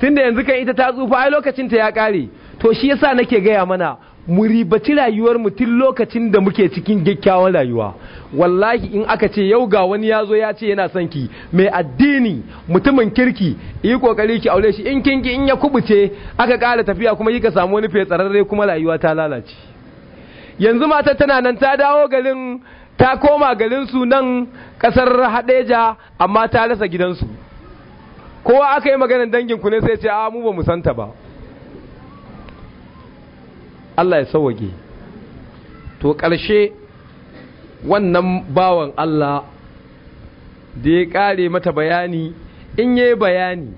tunda yanzu kan ita ta tsufa ai lokacinta ya kare to shi yasa nake gaya mana mu ribaci rayuwar mu tun lokacin da muke cikin kyakkyawan rayuwa wallahi in aka ce yau ga wani ya zo ya ce yana son ki mai addini mutumin kirki yi kokari ki aure shi in kin ki? in ya kubuce aka kara tafiya kuma kika samu wani fetsararre kuma rayuwa ta lalace yanzu mata tana nan ta dawo garin ta koma garin su nan kasar hadeja amma ta rasa gidansu kowa aka yi maganar danginku ne sai ce a mu ba mu santa ba Allah ya sawage to ƙarshe wannan bawan Allah da ya ƙare mata bayani in ya bayani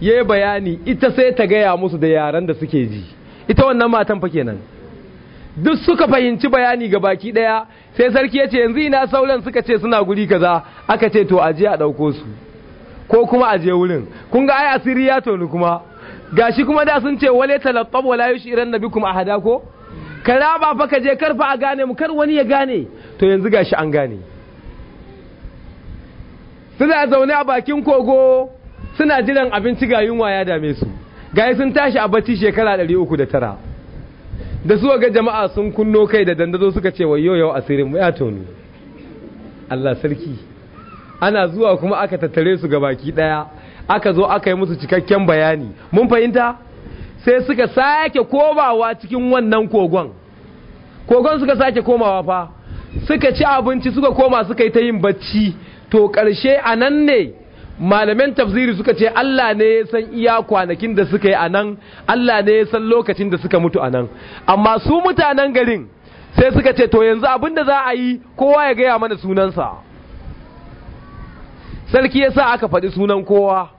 ya bayani ita sai ta gaya musu da yaran da suke ji ita wannan matan fa kenan duk suka fahimci bayani ga baki ɗaya sai sarki ya ce yanzu ina sauran suka ce suna guri kaza aka ce to aje a ɗauko su ko kuma aje wurin kun ga ai asiri ya tonu kuma gashi kuma da sun ce wale talattab wala yushiran nabikum ahada ko kara ba fa kaje karfa a gane mu kar wani ya gane to yanzu gashi an gane suna zaune a bakin kogo suna jiran abinci ga yunwa ya dame su gayi sun tashi a bacci shekara 309 da su ga jama'a sun kunno kai da dandazo suka ce wayo yau asirin mu ya tonu Allah sarki ana zuwa kuma aka tattare su ga baki daya aka zo aka yi musu cikakken bayani mun fahimta sai suka sake komawa cikin wannan kogon kogon suka sake komawa fa suka ci abinci suka koma suka yi ta yin bacci to ƙarshe a nan ne malamin tafsiri suka ce Allah ne ya san iya kwanakin da suka yi a nan Allah ne ya san lokacin da suka mutu a nan amma su mutanen garin sai suka ce to yanzu abin da za a yi kowa ya gaya mana sunansa sarki ya sa aka faɗi sunan kowa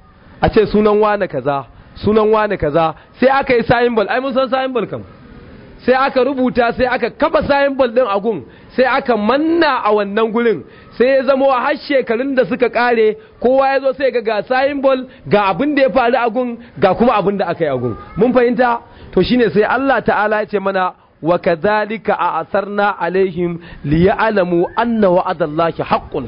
a ce sunan wane kaza sunan wane kaza sai aka yi sayin bal ai mun san sayin bal kam sai aka rubuta sai aka kafa sayin bal din a gun sai aka manna a wannan gurin sai ya zama har shekarun da suka kare kowa ya zo sai ga ga sayin bal ga abin da ya faru a gun ga kuma abin da aka yi a gun mun fahimta to shine sai Allah ta'ala ya ce mana wa kadhalika a'asarna alaihim liya'lamu anna wa'adallahi haqqun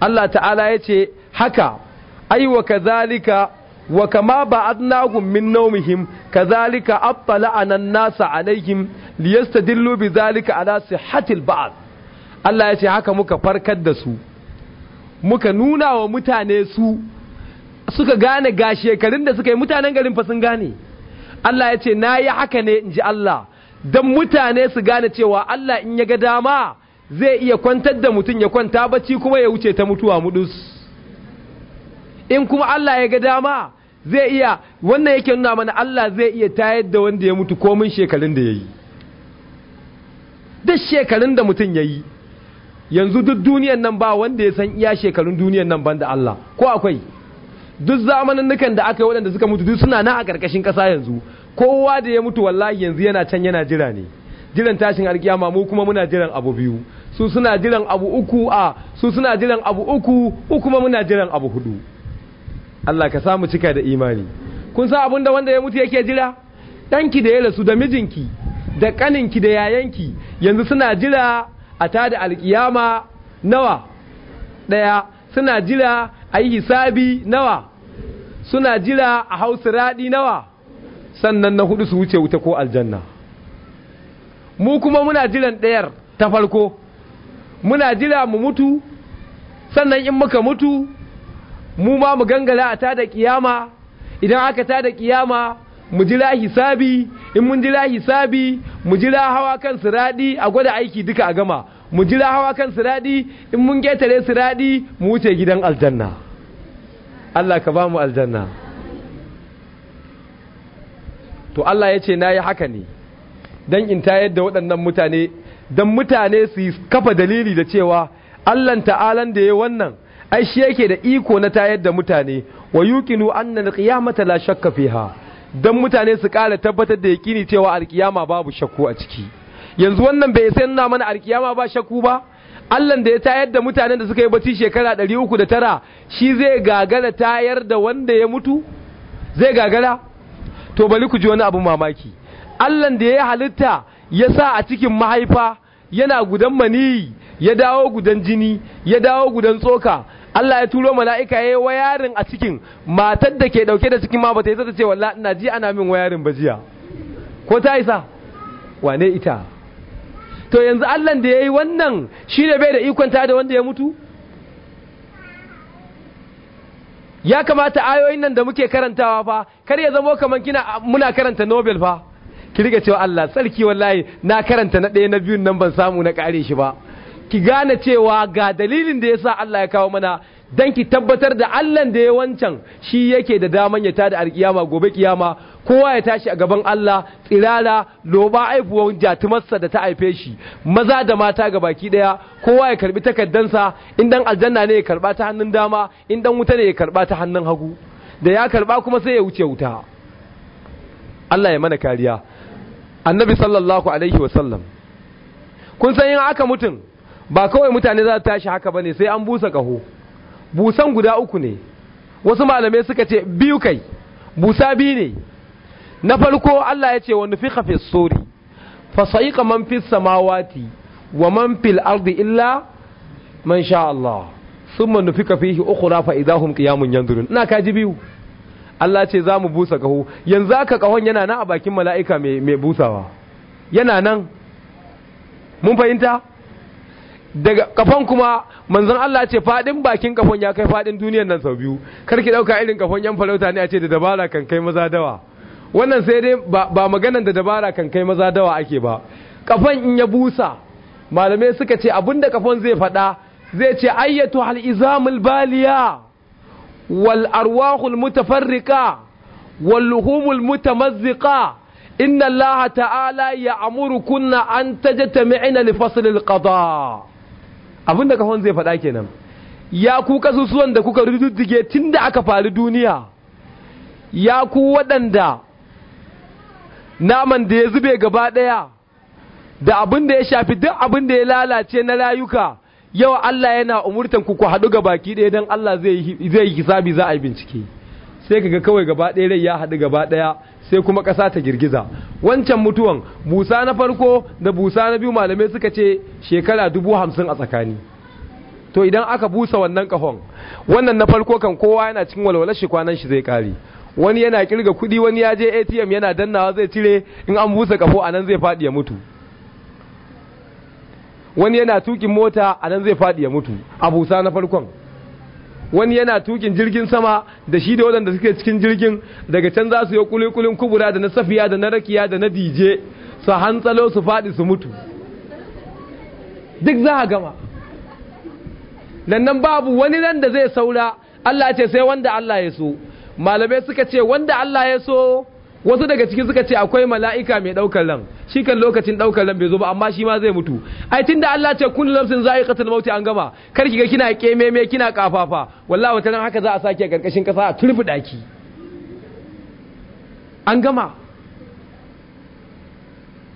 Allah ta'ala ya ce haka Aiwa wa kadhalika wa kama ba'adnahum min nawmihim kadhalika attala anan nasa alaihim liyastadillu bidhalika ala sihhatil ba'd Allah ya ce haka muka farkar da su muka nuna wa mutane su suka gane ga shekarun da suka yi mutanen garin fa sun gane Allah ya ce na yi haka ne in ji Allah don mutane su gane cewa Allah in ya ga dama zai iya kwantar da mutum ya kwanta bacci kuma ya wuce ta mutuwa mudus in kuma Allah ya ga dama zai iya wannan yake nuna mana Allah zai iya tayar da wanda ya mutu komin shekarun da ya yi duk shekarun da mutum ya yi yanzu duk duniyan nan ba wanda ya san iya shekarun duniyan nan ban da Allah ko akwai duk zamanin da aka yi waɗanda suka mutu duk suna na a ƙarƙashin ƙasa yanzu kowa da ya mutu wallahi yanzu yana can yana jira ne jiran tashin alkiyama mu kuma muna jiran abu biyu su suna jiran abu uku a su suna jiran abu uku kuma muna jiran abu hudu Allah ka samu cika da imani kun sa abin da wanda ya mutu yake jira ɗanki da ya rasu da mijinki da ƙaninki da yayanki yanzu suna jira a tada alkiyama nawa ɗaya suna jira a yi hisabi nawa suna jira a hausa radi nawa sannan na hudu su wuce wuta ko aljanna mu kuma muna jiran ɗayar ta farko muna jira mu mutu sannan in muka mutu mu ma mu gangara a tada kiyama idan aka tada kiyama mu jira hisabi in mun jira hisabi mu jira hawa kan siradi a gwada aiki duka a gama mu jira hawa kan siradi in mun getare siradi mu wuce gidan aljanna Allah ka ba mu aljanna to Allah ya ce na yi haka ne don in tayar da waɗannan mutane don mutane su kafa dalili da cewa allah ta'alan da ya wannan ai shi yake da iko na tayar da mutane wa yuqinu anna alqiyamata la shakka fiha dan mutane su ƙara tabbatar da yakini cewa alkiyama babu shakku a ciki yanzu wannan bai san na mana alkiyama ba shakku ba allah da ya tayar da mutanen da suka yi bacci shekara 309 shi zai gagara tayar da wanda ya mutu zai gagara to bari ku ji wani abu mamaki allah da ya halitta ya sa a cikin mahaifa yana gudan maniyi ya dawo gudan jini ya dawo gudan tsoka Allah ya turo mala'ika ya yi wayarin a cikin matar da ke dauke da cikin ma bata yi ta ce wala ina ji ana min wayarin ba jiya. ko ta isa wane ita to yanzu Allah da ya yi wannan shi ne bai da ikon ta da wanda ya mutu ya kamata ayoyin nan da muke karantawa fa kar ya zamo kamar kina muna karanta Nobel fa ki riga cewa Allah sarki wallahi na karanta na ɗaya na biyun nan ban samu na ƙare shi ba ki gane cewa ga dalilin da ya sa Allah ya kawo mana don ki tabbatar da Allah da ya wancan shi yake da daman ya tada alkiyama gobe kiyama kowa ya tashi a gaban Allah tsirara loba aifuwan jatumarsa da ta haife shi maza da mata ga baki daya kowa ya karbi takaddansa in dan aljanna ne ya karba ta hannun dama in dan wuta ne ya karba ta hannun hagu da ya karba kuma sai ya wuce wuta Allah ya mana kariya annabi sallallahu alaihi wasallam kun san yin aka mutum ba kawai mutane za su tashi haka ba ne sai an busa kaho busan guda uku ne wasu malamai suka ce biyu kai busa biyu ne na farko Allah ya ce wa fi hafi sori fasa'i man fi samawati wa man fil ardi illa man sha Allah thumma nufiqa fihi uku fa idahum kiyamun yanzu. ina kaji biyu Allah ce za mu busa kaho yanzu aka kahon yana nan a bakin mala'ika mai busawa yana nan mun fahimta daga kafan kuma manzon Allah ce fadin bakin kafan ya kai fadin duniyar nan sau biyu karki dauka irin kafan yan farauta ne a ce da dabara kan kai maza dawa wannan sai dai ba maganan da dabara kan kai maza dawa ake ba kafan in ya busa malamai suka ce abinda kafan zai fada zai ce ayyatu hal izamul baliya wal arwahul mutafarriqa wal luhumul mutamazziqa inna allaha ta'ala kunna an tajtami'na li fasl al qada' Abin da kahon zai faɗa kenan ya ku kasusuwan da kuka rududdige tun da aka faru duniya ya ku waɗanda naman da ya zube gaba ɗaya da abin da ya shafi duk abin da ya lalace na rayuka yau Allah yana umurtan ku ku haɗu ga baki ɗaya don Allah zai yi hisabi za a yi bincike sai kaga kawai gaba ɗaya rai ya haɗu gaba ɗaya sai kuma ƙasa ta girgiza wancan mutuwan busa na farko da busa na biyu malamai suka ce shekara dubu hamsin a tsakani to idan aka busa wannan kahon wannan na farko kan kowa yana cikin walwalar shi kwanan shi zai kare wani yana kirga kuɗi wani ya je atm yana dannawa zai cire in an busa kafo anan zai faɗi ya mutu wani yana tukin mota anan zai faɗi ya mutu a busa na farkon wani yana tukin jirgin sama da shi da waɗanda suke cikin jirgin daga can za su yi kulikulin kubura da na safiya da na rakiya da na dije su hantsalo su faɗi su mutu duk za a gama lannan babu wani nan da zai saura Allah ce sai wanda Allah ya so malamai suka ce wanda Allah ya so wasu daga ciki suka ce akwai mala'ika mai ɗaukar ran shi kan lokacin ɗaukar ran bai zo ba amma shi ma zai mutu ai tun da Allah ce kullu nafsin za'iqatul mauti an gama kar ki ga kina kememe kina kafafa wallahi wata nan haka za a sake ƙarƙashin kasa a turfi daki an gama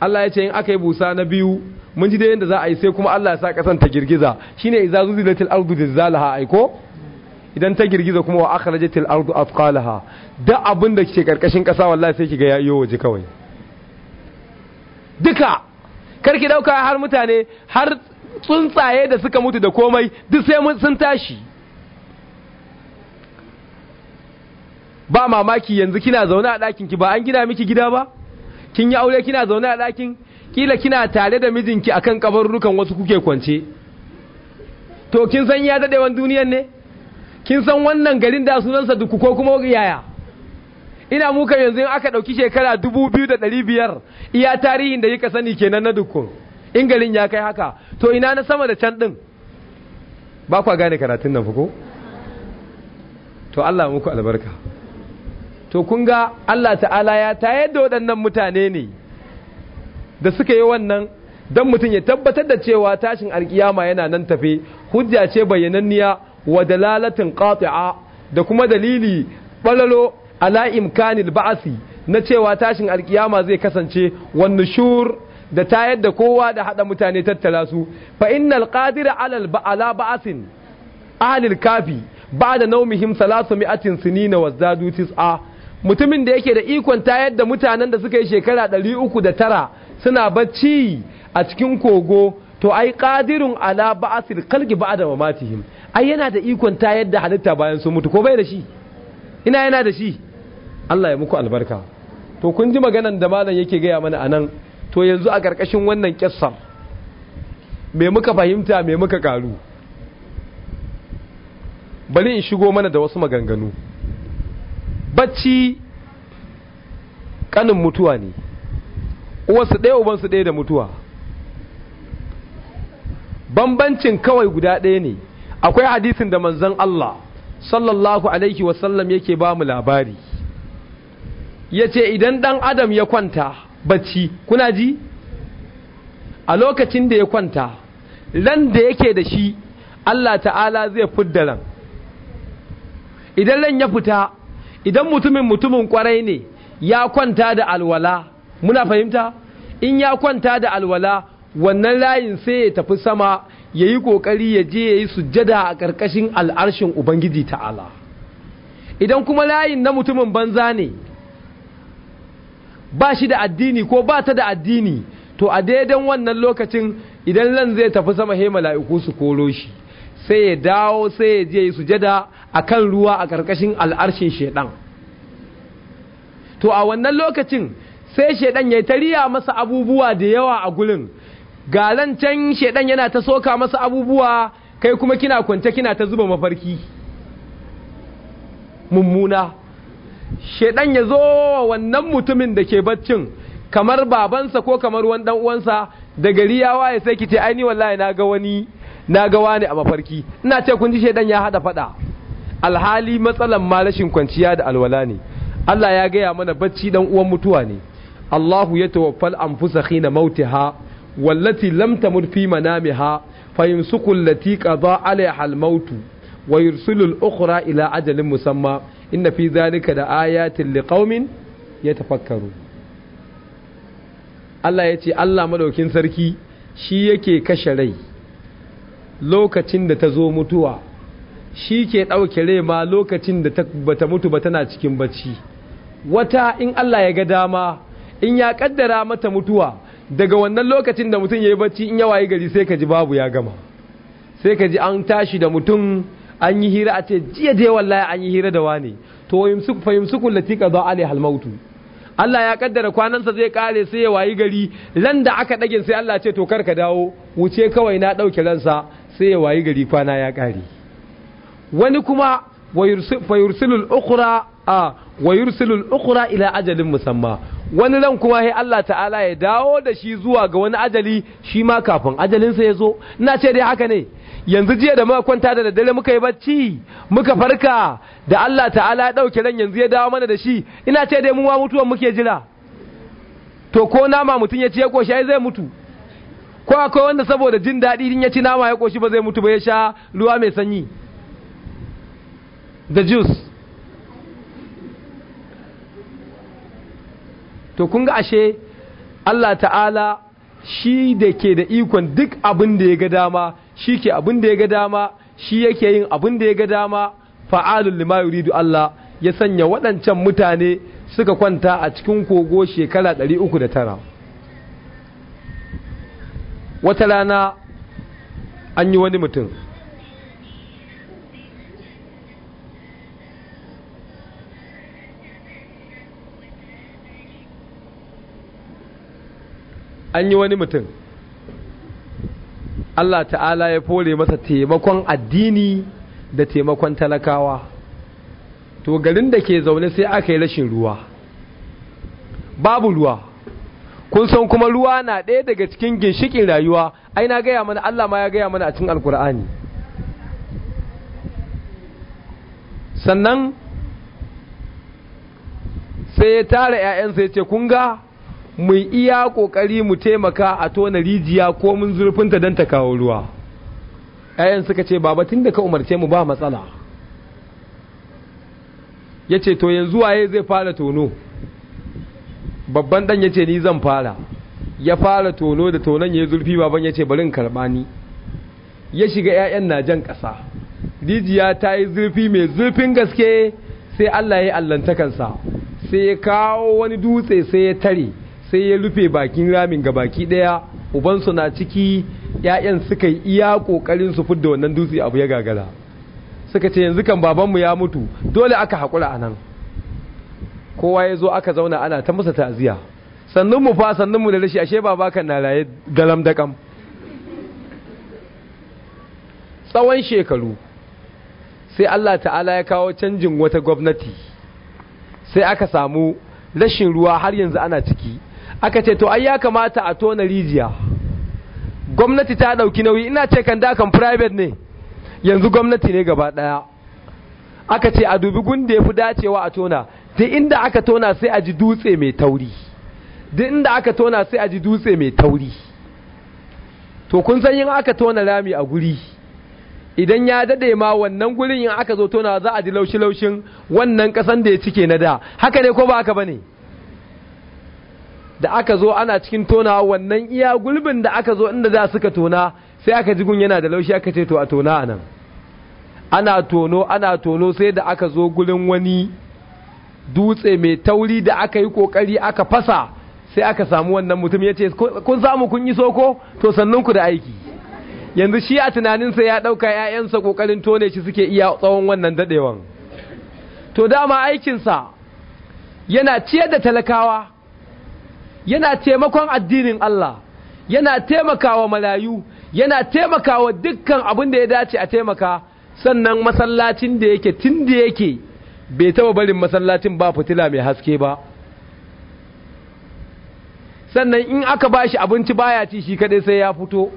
Allah ya ce in aka yi busa na biyu mun ji da yanda za a yi sai kuma Allah ya sa kasan ta girgiza shine izazuzilatil ardu ai aiko idan ta girgiza kuma wa akhrajatil ardu afqalaha da abin da ke karkashin kasa wallahi sai kiga yayo waje kawai duka karki dauka har mutane har tsuntsaye da suka mutu da komai duk sai mun sun tashi ba mamaki yanzu kina zaune a ɗakin ki ba an gina miki gida ba kin yi aure kina zaune a ɗakin kila kina tare da mijinki akan kabarrukan wasu kuke kwance to kin san ya daɗewan duniyar ne kin san wannan garin da sunansa duku ko kuma yaya ina muka yanzu in aka ɗauki shekara dubu biyu da ɗari biyar iya tarihin da yika sani kenan na duku in garin ya kai haka to ina na sama da can ɗin ba kwa gane karatun nan ko to Allah muku albarka to kun ga Allah ta'ala ya tayar da waɗannan mutane ne da suka yi wannan don mutum ya tabbatar da cewa tashin alkiyama yana nan tafe hujja ce bayyananniya wa dalalatin qati'a da kuma dalili balalo ala imkanil ba'si na cewa tashin alkiyama zai kasance wan nushur da ta yadda kowa da hada mutane tattara su fa innal qadir ala ala ba'sin ahlil kafi ba'da nawmihim 300 sinina wazadu tis'a mutumin da yake da ikon ta yadda mutanen da suka yi shekara 309 suna bacci a cikin kogo to ai qadirun ala ba'asil kalgi ba'da mamatihim ai yana da ikon ta yadda halitta bayan sun mutu ko bai da shi ina yana da shi Allah ya muku albarka to kun ji maganan da malam yake gaya mana anan to yanzu a karkashin wannan kissa me muka fahimta me muka karu bari in shigo mana da wasu maganganu bacci kanin mutuwa ne uwarsu ɗaya ubansu ɗaya da mutuwa bambancin kawai guda ɗaya ne akwai hadisin da manzon Allah sallallahu alaihi wasallam yake ba mu labari yace idan ɗan adam ya kwanta bacci kuna ji a lokacin da ya kwanta ran da yake da shi Allah ta'ala zai fidda ran idan ran ya fita idan mutumin mutumin kwarai ne ya kwanta da alwala muna fahimta in ya kwanta da alwala wannan layin sai ya tafi sama ya yi ƙoƙari ya je ya yi sujjada a ƙarƙashin al'arshin Ubangiji ta'ala. Idan kuma layin na mutumin banza ne, ba shi da addini ko ba ta da addini, to a daidan wannan lokacin idan lan zai tafi sama he mala'iku su koro shi, sai ya dawo sai ya je ya yi sujjada a kan ruwa a ƙarƙashin al'arshin shaiɗan. To a wannan lokacin sai shaiɗan ya yi tariya masa abubuwa da yawa a gulin. ga can shaiɗan yana ta soka masa abubuwa kai kuma kina kwance kina ta zuba mafarki mummuna shaiɗan ya zo wannan mutumin da ke baccin kamar babansa ko kamar wani dan uwansa da gari ya waye sai ki ce aini ni wallahi na ga wani na ga wani a mafarki ina ce kun ji shaiɗan ya hada fada alhali matsalan ma rashin kwanciya da alwala ne Allah ya gaya mana bacci dan uwan mutuwa ne Allahu ya tawaffal anfusa khina mautaha wallati lam tamut fi manamiha fayumsiku allati qada alaiha al wa yursilu al ila ajalin musamma inna fi dhalika da ayatin liqaumin yatafakkaru Allah ya ce Allah madaukin sarki shi yake kashe rai lokacin da ta zo mutuwa shi ke ɗauke rai ma lokacin da bata mutu ba tana cikin bacci wata in Allah ya ga dama in ya kaddara mata mutuwa daga wannan lokacin da mutum ya yi bacci in yi gari sai ka ji babu ya gama sai ka ji an tashi da mutum an yi hira a ce jiya je wallahi an yi hira da wani to fahimsukun latika za a halmautu. Allah ya kaddara kwanansa zai kare sai ya wayi gari ran da aka dage sai Allah ce to kar ka dawo wuce kawai na dauke ransa sai ya wayi gari kwana ya kare wani kuma wayursilul ukhra a wayursilul ukhra ila ajalin musamma wani ran kuma sai Allah ta'ala ya dawo da shi zuwa ga wani ajali shi ma kafin ajalinsa ya zo ina ce dai haka ne yanzu jiya da muka kwanta da daddare muka yi bacci muka farka da Allah ta'ala ya dauke ran yanzu ya dawo mana da shi ina ce dai mu ma mutuwan muke jira to ko nama mutum ya ci ya koshi ai zai mutu ko akwai wanda saboda jin daɗi din ya ci nama ya koshi ba zai mutu ba ya sha ruwa mai sanyi da juice to kun ga ashe Allah ta'ala shi da ke da ikon duk abin da ya ga dama shi ke abin da ya ga dama shi yake yin abin da ya ga dama fa'alul lima yuridu Allah ya sanya waɗancan mutane suka kwanta a cikin kogo shekara 309 wata rana an yi wani mutum an yi wani mutum Allah ta'ala ya fore masa taimakon addini da taimakon talakawa to garin da ke zaune sai aka yi rashin ruwa babu ruwa kun san kuma ruwa na ɗaya daga cikin ginshikin rayuwa aina na gaya mana Allah ma ya gaya mana a cikin alkur'ani sannan sai ya tara 'ya'yansa ya ce kun ga mu iya kokari mu taimaka a tona rijiya ko mun zurfinta don ta kawo ruwa ayan suka ce baba tun da ka umarce mu ba matsala ya ce to yanzu waye zai fara tono babban dan ya ce ni zan fara ya fara tono da tonon ya zurfi baban ya ce barin karba ni ya shiga 'ya'yan na jan ƙasa rijiya ta yi zurfi mai zurfin gaske sai allah ya yi allantakansa sai ya kawo wani dutse sai ya tare sai ya rufe bakin ramin ga baki daya ubansu na ciki ‘ya'yan suka yi iya kokarin su fudda wannan dutse abu ya gagara suka ce yanzu kan babanmu ya mutu dole aka haƙura a nan kowa ya zo aka zauna ana ta masa ta'aziya sannunmu fa sannunmu da rashi ashe baba kan na raye galam da kam tsawon shekaru sai Allah ta'ala ya kawo canjin wata gwamnati sai aka samu rashin ruwa har yanzu ana ciki aka ce to ai ya kamata a tona rijiya gwamnati ta ɗauki nauyi ina ce kan dakan private ne yanzu gwamnati ne gaba daya aka ce a dubi gunda ya fi dacewa a tona da inda aka tona sai a ji dutse mai tauri da inda aka tona sai a ji dutse mai tauri to kun san yin aka tona rami a guri idan ya dade ma wannan gurin yin aka zo tona za a ji laushi-laushin wannan kasan da ya cike na da haka ne ko ba haka bane ne da aka zo ana cikin tona wannan iya gulbin da aka zo inda za suka tona sai aka ji yana da laushi aka ce to a tona anan ana tono ana tono sai da aka zo gurin wani dutse mai tauri da aka yi kokari aka fasa sai aka samu wannan mutum ya ce kun samu kun yi soko to sannan ku da aiki yanzu shi a tunanin tunaninsa ya ɗauka ‘ya'yansa kokarin tone shi suke iya tsawon wannan daɗewan to dama aikinsa yana ciyar da talakawa yana taimakon addinin Allah yana taimakawa malayu yana taimakawa dukkan abin da ya dace a taimaka sannan masallacin da yake tun da yake bai taba barin masallacin ba fitila mai haske ba sannan in aka bashi abinci baya ci shi kadai sai ya fito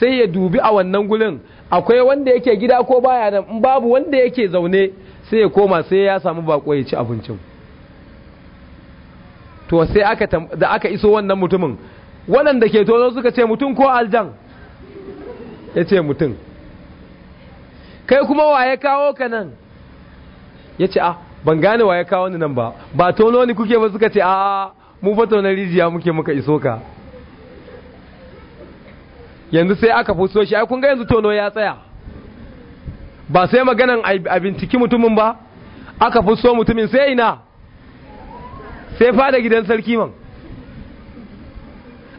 sai ya dubi a wannan gurin akwai wanda yake gida ko baya nan babu wanda yake zaune sai ya koma sai ya samu bako ya ci abincin to sai aka da aka iso wannan mutumin waɗanda ke tono suka ce mutum ko aljan ya ce mutum kai kuma wa ya kawo ka nan ya ce a ah, ban gane wa ya kawo ni nan ba ba tono ni kuke ba suka ce a mu fata na rijiya muke muka iso ka yanzu sai aka fuso shi ai kun ga yanzu tono ya tsaya ba sai maganan a binciki mutumin ba aka fuso mutumin sai ina sai fada gidan sarki man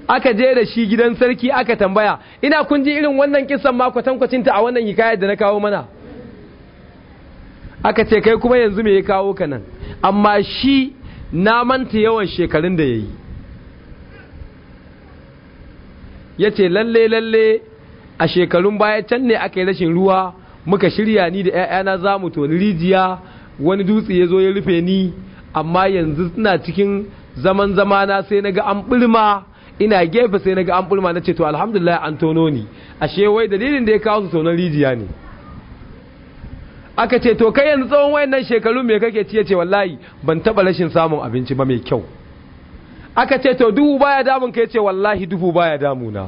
aka je da shi gidan sarki aka tambaya ina kun ji irin wannan kisan ma kwatankwacinta a wannan hikayar da na kawo mana aka ce kai kuma yanzu me ya kawo ka nan amma shi na manta yawan shekarun da ya yi ya ce lalle lalle a shekarun baya can ne aka yi rashin ruwa muka shirya ni da 'ya'yana za mu toni rijiya wani dutse ya zo ya rufe ni amma yanzu suna cikin zaman zamana sai naga an ɓulma ina gefe sai naga an ɓulma na ce to alhamdulillah an tono ni ashe wai dalilin da ya kawo su tonon rijiya ne aka ce to kai yanzu tsawon wayannan shekaru me kake ciye ce wallahi ban taɓa rashin samun abinci ba mai kyau aka ce to duhu baya damun kai yace ce wallahi duhu baya damuna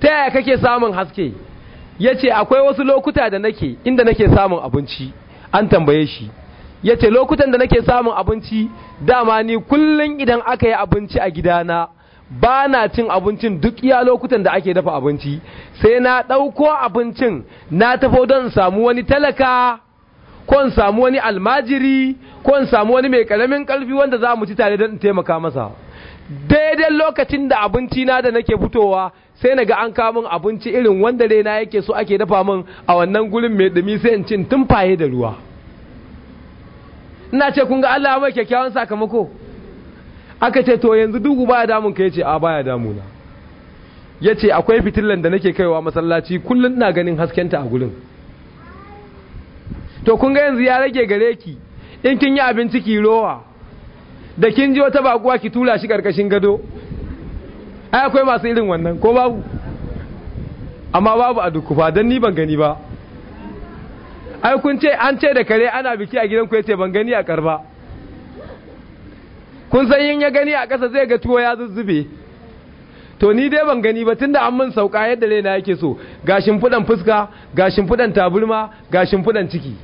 ta yaya kake samun haske yace akwai wasu lokuta da nake inda nake samun abinci an tambaye shi ya ce lokutan da nake samun abinci dama ni kullum idan aka yi abinci a gidana ba na cin abincin duk iya lokutan da ake dafa abinci sai na ɗauko abincin na tafo don samu wani talaka ko in samu wani almajiri ko in samu wani mai karamin ƙarfi wanda za mu ci tare don taimaka masa daidai lokacin da abinci na da nake fitowa sai na ga an kawo min abinci irin wanda raina yake so ake dafa min a wannan gurin mai dumi sai in cin tun faye da ruwa ina ce kun ga Allah mai kyakkyawan sakamako aka ce to yanzu duhu baya damun ka yace a baya damuna yace akwai fitilan da nake kaiwa masallaci kullun ina ganin haskenta a gurin to kun ga yanzu ya rage gare ki in kin yi abinci ki rowa da kin ji wata baguwa ki tula shi karkashin gado ai akwai masu irin wannan ko babu amma babu a dukufa dan ni ban gani ba ai kun ce an ce da kare ana biki a gidan ku yace ban gani a karba kun san yin ya gani a ƙasa zai ga tuwo ya zuzzube to ni dai ban gani ba tunda an min sauka yadda na yake so ga shimfiɗan fuska ga shimfiɗan tabulma ga shimfiɗan ciki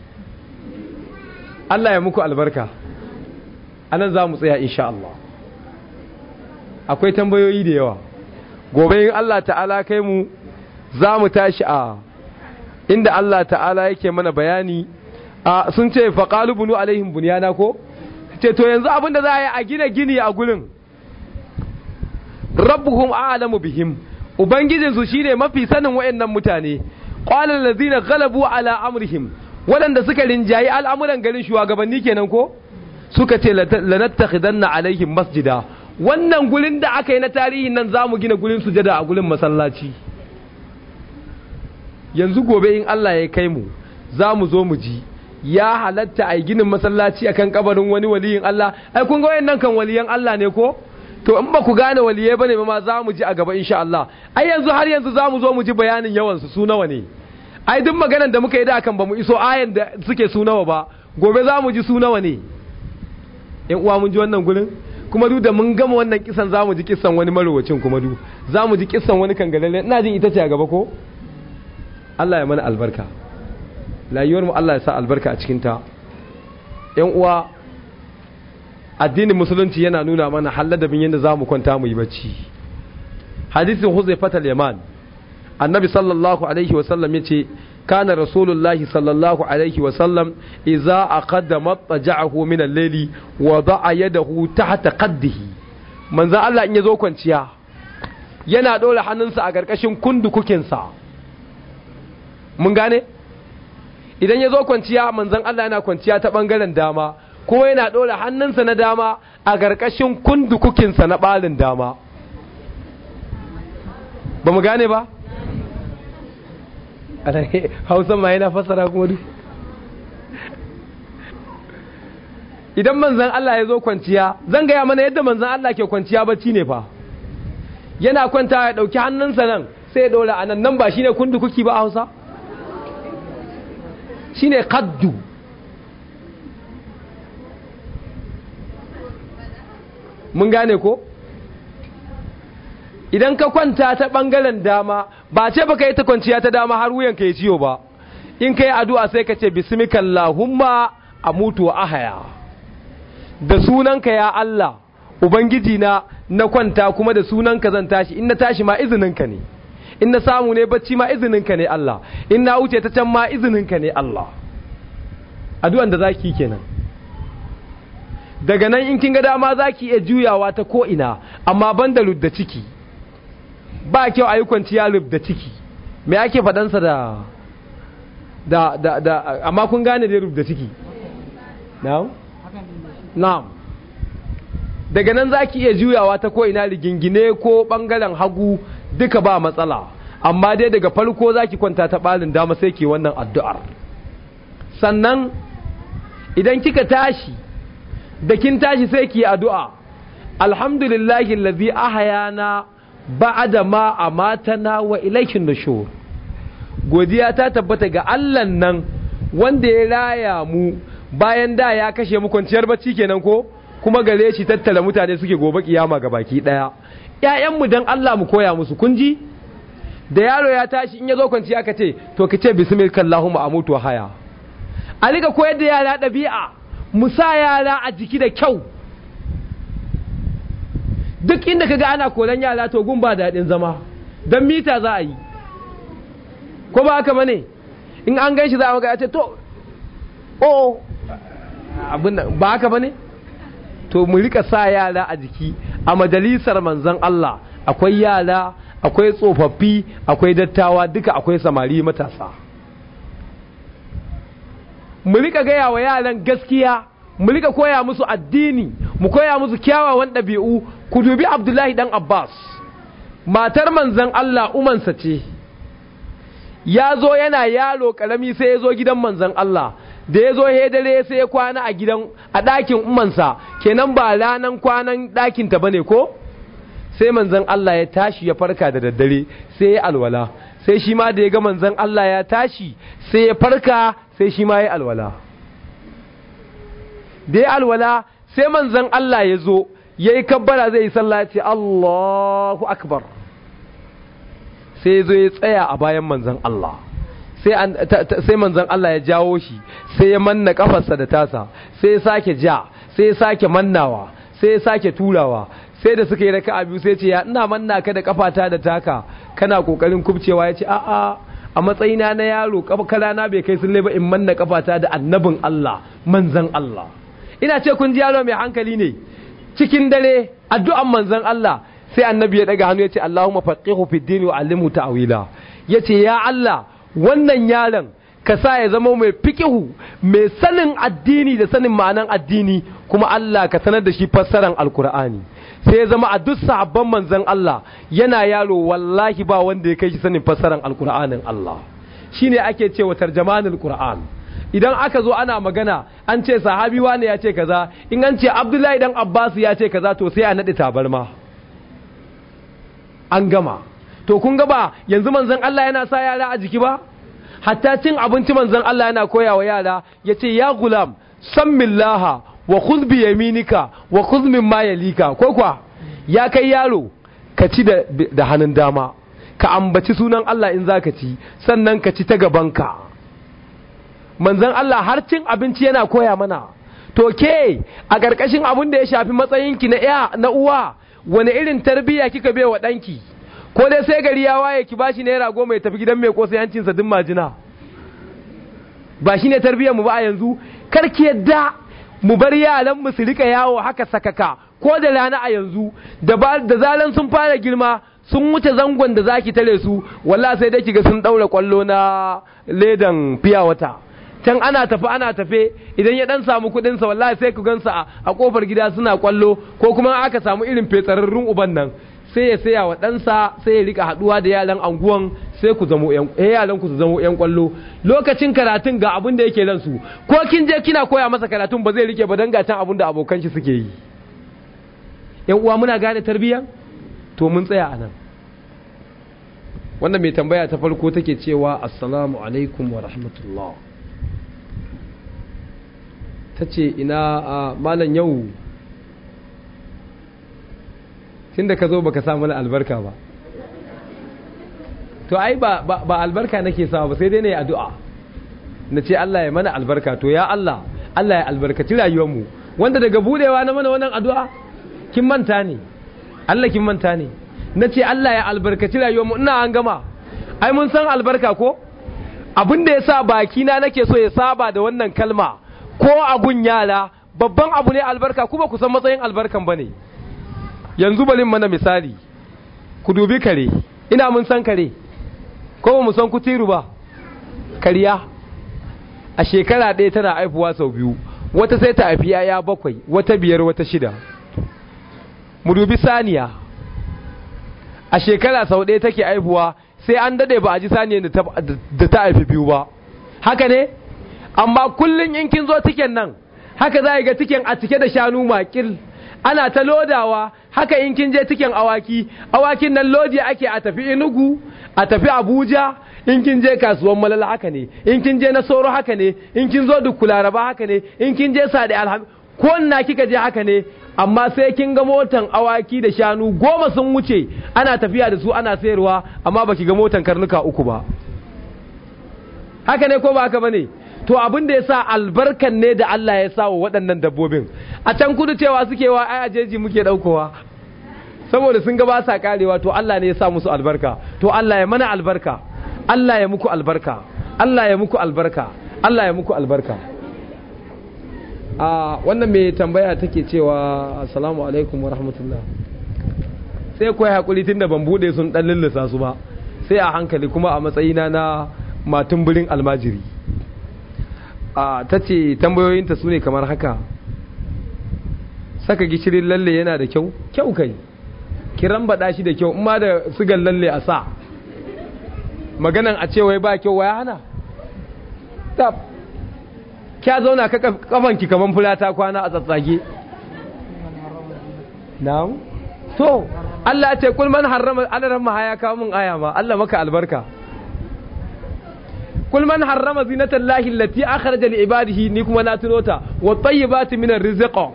Allah ya muku albarka anan za mu tsaya insha Allah akwai tambayoyi da yawa gobe in Allah ta'ala kai mu za mu tashi a inda Allah ta'ala yake mana bayani sun ce faƙalu bunu alaihim bunyana ko ce to yanzu abin da za a yi a gina gini a gurin rabbuhum a'lamu bihim ubangijinsu shine mafi sanin wayannan mutane qala allazina ghalabu ala amrihim wadanda suka rinjayi al'amuran garin shugabanni kenan ko suka ce lanattakhidanna alaihim masjida wannan gurin da aka yi na tarihin nan zamu gina gurin sujada a gurin masallaci yanzu gobe in Allah ya kai mu za mu zo mu ji ya halatta a ginin masallaci akan kabarin wani waliyin Allah ai kun ga wayannan kan waliyan Allah ne ko to in ba ku gane waliyai bane ma za mu ji a gaba insha Allah ai yanzu har yanzu za mu zo mu ji bayanin yawan su su nawa ne ai duk maganar da muka yi da akan ba mu iso ayan da suke su nawa ba gobe za mu ji su nawa ne yan uwa mun ji wannan gurin kuma duk da mun gama wannan kisan za mu ji kisan wani marowacin kuma duk za mu ji kisan wani kangalalle ina jin ita ce a gaba ko Allah ya mana albarka layuwar mu Allah ya sa albarka a cikin ta uwa addinin musulunci yana nuna mana halladabin yadda mu kwanta mu yi bacci hadisin huzai fatal yaman annabi sallallahu alaihi wa sallam yace kana rasulullahi sallallahu alaihi wa sallam idza aqadda mataja'ahu min al leli wa hu ta hata kaddihi Allah in ya zo kwanciya yana dole hannunsa a ƙarƙashin kundukukinsa mun gane idan ya zo kwanciya manzan Allah yana kwanciya ta bangaren dama ko yana ɗora hannunsa na dama a ƙarƙashin kundukukinsa na ɓalin dama ba mu gane ba? hausan ma yana fasara kuma duk idan manzan Allah ya zo kwanciya zan gaya mana yadda manzan Allah ke kwanciya bacci ne fa yana kwanta ya ɗauki hannunsa nan sai ya ɗora a nan nan ba shi ne kundukuki ba a hausa? shine qaddu mun gane ko idan ka kwanta ta bangaren dama ba ce baka yi ta kwanciya ta dama har wuyan ka ya ciyo ba in ka yi addu'a sai ka ce bismikallahumma a mutu wa ahaya da sunanka ya Allah ubangiji na na kwanta kuma da sunanka zan tashi in na tashi ma izinin ka ne in na samu ne bacci ma izininka ne Allah in na wuce ta can ma izininka ne Allah addu'an da zaki kenan daga nan in kin ga dama zaki iya juyawa ta ko ina amma banda rudda ciki ba kyau ayi kwanciya rudda ciki me yake fadansa da da da da amma kun gane da rubda ciki na'am na'am daga nan za ki iya juyawa ta ko ina rigingine ko bangaren hagu duka ba matsala amma dai daga farko zaki kwanta ta balin dama sai ki wannan addu'ar sannan idan kika tashi da kin tashi sai ki addu'a alhamdulillahi allazi ahayana ba'da ma amatana wa ilayhin nushur godiya ta tabbata ga Allah nan wanda ya raya mu bayan da ya kashe mu kwanciyar bacci kenan ko kuma gare shi tattala mutane suke gobe kiyama ga baki daya ‘ya’yanmu don Allah mu koya musu kunji. da yaro ya tashi in ya zo kwanci aka ce to ka ce bismillahumma a wa haya a rika koyar da yara ɗabi'a mu sa yara a jiki da kyau duk inda ka ga ana koran yara to gun ba daɗin zama don mita za a yi ko ba haka bane in an ganshi za a maka ya ce to o oh, ba haka bane to mu rika sa yara a jiki a majalisar manzan Allah akwai yara akwai tsofaffi akwai dattawa duka akwai samari matasa mu rika gaya wa yaran gaskiya mu rika koya musu addini mu koya musu kyawawan ɗabi'u ku dubi abdullahi dan abbas matar manzan allah umarsa ce ya zo yana yaro ƙarami sai ya zo gidan manzan allah da ya zo hedare sai ya kwana a gidan a ɗakin umansa kenan ba ranan kwanan ɗakinta ba ne ko sai manzan Allah ya tashi ya farka da daddare sai ya alwala sai shi ma da ya ga manzan Allah ya tashi sai ya farka sai shi ma ya alwala da ya alwala sai manzan Allah ya zo ya yi kabbara zai yi sallaci ce Allahu akbar sai ya zo ya tsaya a bayan manzan Allah sai manzon Allah ya jawo shi sai ya manna kafarsa da tasa sai ya sake ja sai ya sake mannawa sai ya sake turawa sai da suka yi raka'a biyu sai ce ya ina manna ka da kafata da taka kana kokarin kubcewa ya ce a'a a matsayina na yaro na bai kai sun ba in manna kafata da annabin Allah manzan Allah ina ce kun ji yaro mai hankali ne cikin dare addu'an manzon Allah sai annabi ya daga hannu ya ce Allahumma faqihu fid din wa allimhu ta'wila yace ya Allah wannan yaron ka sa ya zama mai fikihu mai sanin addini da sanin ma'anan addini kuma Allah ka sanar da shi fassaran alkur'ani sai ya zama a duk sahabban manzan Allah yana yaro wallahi ba wanda ya kai shi sanin fassaran alkur'anin Allah Shi shine ake cewa tarjamanul qur'an idan aka zo ana magana an ce sahabi wane ya ce kaza in an ce Abdullahi dan Abbas ya ce kaza to sai a nade tabarma an gama to kun ga ba yanzu manzon Allah yana sa yara a jiki ba hatta cin abinci manzon Allah yana koya wa yara yace ya gulam sammillaha wa khudh bi yaminika wa khudh mimma yalika ko kwa ya kai yaro ka ci da, hannun dama ka ambaci sunan Allah in zaka ci sannan ka ci ta gaban gabanka manzon Allah har cin abinci yana koya mana to ke a ƙarƙashin abin da ya shafi matsayinki na iya na uwa wani irin tarbiyya kika bai wa ɗanki ko dai sai gari ya waye ki bashi naira goma ya tafi gidan mai ko sai hancinsa din majina ba shi ne tarbiyyar mu ba a yanzu karki yadda mu bar yaran mu su rika yawo haka sakaka ko da rana a yanzu da da zalan sun fara girma sun wuce zangon da zaki tare su wallahi sai dai kiga sun daura kwallo na ledan fiya wata can ana tafi ana tafe idan ya dan samu kudin sa wallahi sai ku gansa a kofar gida suna kwallo ko kuma aka samu irin fetsararrun uban nan sai ya saya wa ɗansa sai ya rika haɗuwa da yaran anguwan sai ku zamo ƴan eh, yaran ku su zamo ƴan kwallo lokacin karatun ga abin da yake ransu ko kin je kina koya masa karatun ba zai rike ba dan gatan abin da abokan shi suke yi yan uwa muna gane tarbiyya to mun tsaya anan wannan mai tambaya ta farko take cewa assalamu alaikum wa rahmatullah tace ina malam yau tunda ka zo ka sa mana albarka ba to ai ba ba albarka nake sawa ba sai dai ne addu'a na ce Allah ya mana albarka to ya Allah Allah ya albarkaci rayuwar mu wanda daga budewa na mana wannan addu'a kin manta ne Allah kin manta ne na ce Allah ya albarkaci rayuwar mu ina an gama ai mun san albarka ko abin da ya sa bakina nake so ya saba da wannan kalma ko a yala babban abu ne albarka kuma ku san matsayin albarkan ba ne yanzu balin mana misali ku dubi kare ina mun san kare ko mu san kutiru ba kariya a shekara ɗaya tana haifuwa sau biyu wata sai ta haifi yaya bakwai wata biyar wata shida mu dubi saniya a shekara sau ɗaya take haifuwa sai an dade ba a ji saniya da ta haifi biyu ba haka ne amma kullum in kin zo tiken nan haka za a ga tiken a cike da shanu makil ana ta lodawa haka in kin je cikin awaki awakin nan lodi ake a tafi inugu a tafi abuja in kin je kasuwan malala haka ne in kin je na soro haka ne in kin zo duk kularaba haka ne in kin je sadi alham ko na kika je haka ne amma sai kin ga motan awaki da shanu goma sun wuce ana tafiya da su ana sayarwa amma baki ga motan karnuka uku ba haka ne ko ba haka bane to abin da ya albarkan ne da Allah ya sa wa waɗannan dabbobin a can kudu cewa suke wa ai ajeji muke ɗaukowa saboda sun ga ba sa karewa to Allah ne ya sa musu albarka to Allah ya mana albarka Allah ya muku albarka Allah ya muku albarka Allah ya muku albarka a wannan mai tambaya take cewa assalamu alaikum wa sai koyi hakuri tunda ban bude sun dan lullusa su ba sai a hankali kuma a matsayina na matun birin almajiri a tace tambayoyinta su ne kamar haka saka gishirin lalle yana da kyau kyau kai kiran baɗa shi da kyau in ma da sigan lalle a sa maganan a ce wai ba kyau waya hana kya zauna ka kafanki kaman fulata kwana a tsatsage na'am to Allah ce kul man harrama alaran mahaya mun aya ma Allah maka albarka kul man harrama zinatan lahi allati akhraja li ibadihi ni kuma na tunota wa tayyibati min rizqa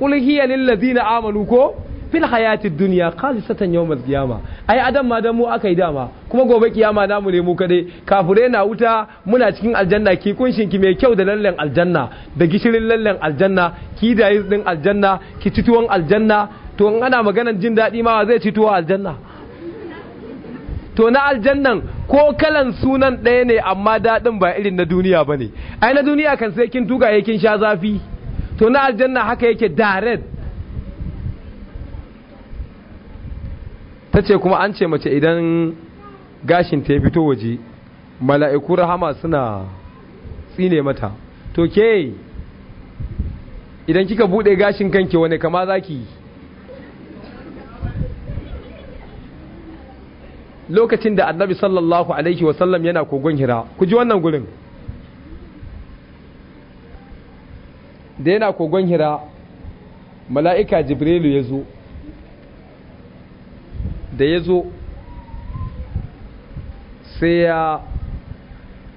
qul hiya lil ladina amanu ko fil hayatid dunya khalisatan yawmal qiyama ai adam ma dan mu akai dama kuma gobe kiyama namu ne mu kadai kafure na wuta muna cikin aljanna ki kunshin ki mai kyau da lallan aljanna da gishirin lallen aljanna ki da din aljanna ki ci aljanna to in ana maganan jin daɗi ma zai ci aljanna to na aljannan ko kalan sunan ɗaya ne amma daɗin ba irin na duniya ba ne ai na duniya kan sai kin tuga kin sha zafi to na aljanna haka yake direct ta ce kuma an ce mace idan gashin ta ya fito waje mala'iku rahama suna tsine mata to ke idan kika bude gashin kanki wane kama zaki lokacin da annabi sallallahu alaihi wasallam yana kogon hira ku ji wannan gurin da yana kogon hira mala'ika jibrilu ya zo da ya zo sai ya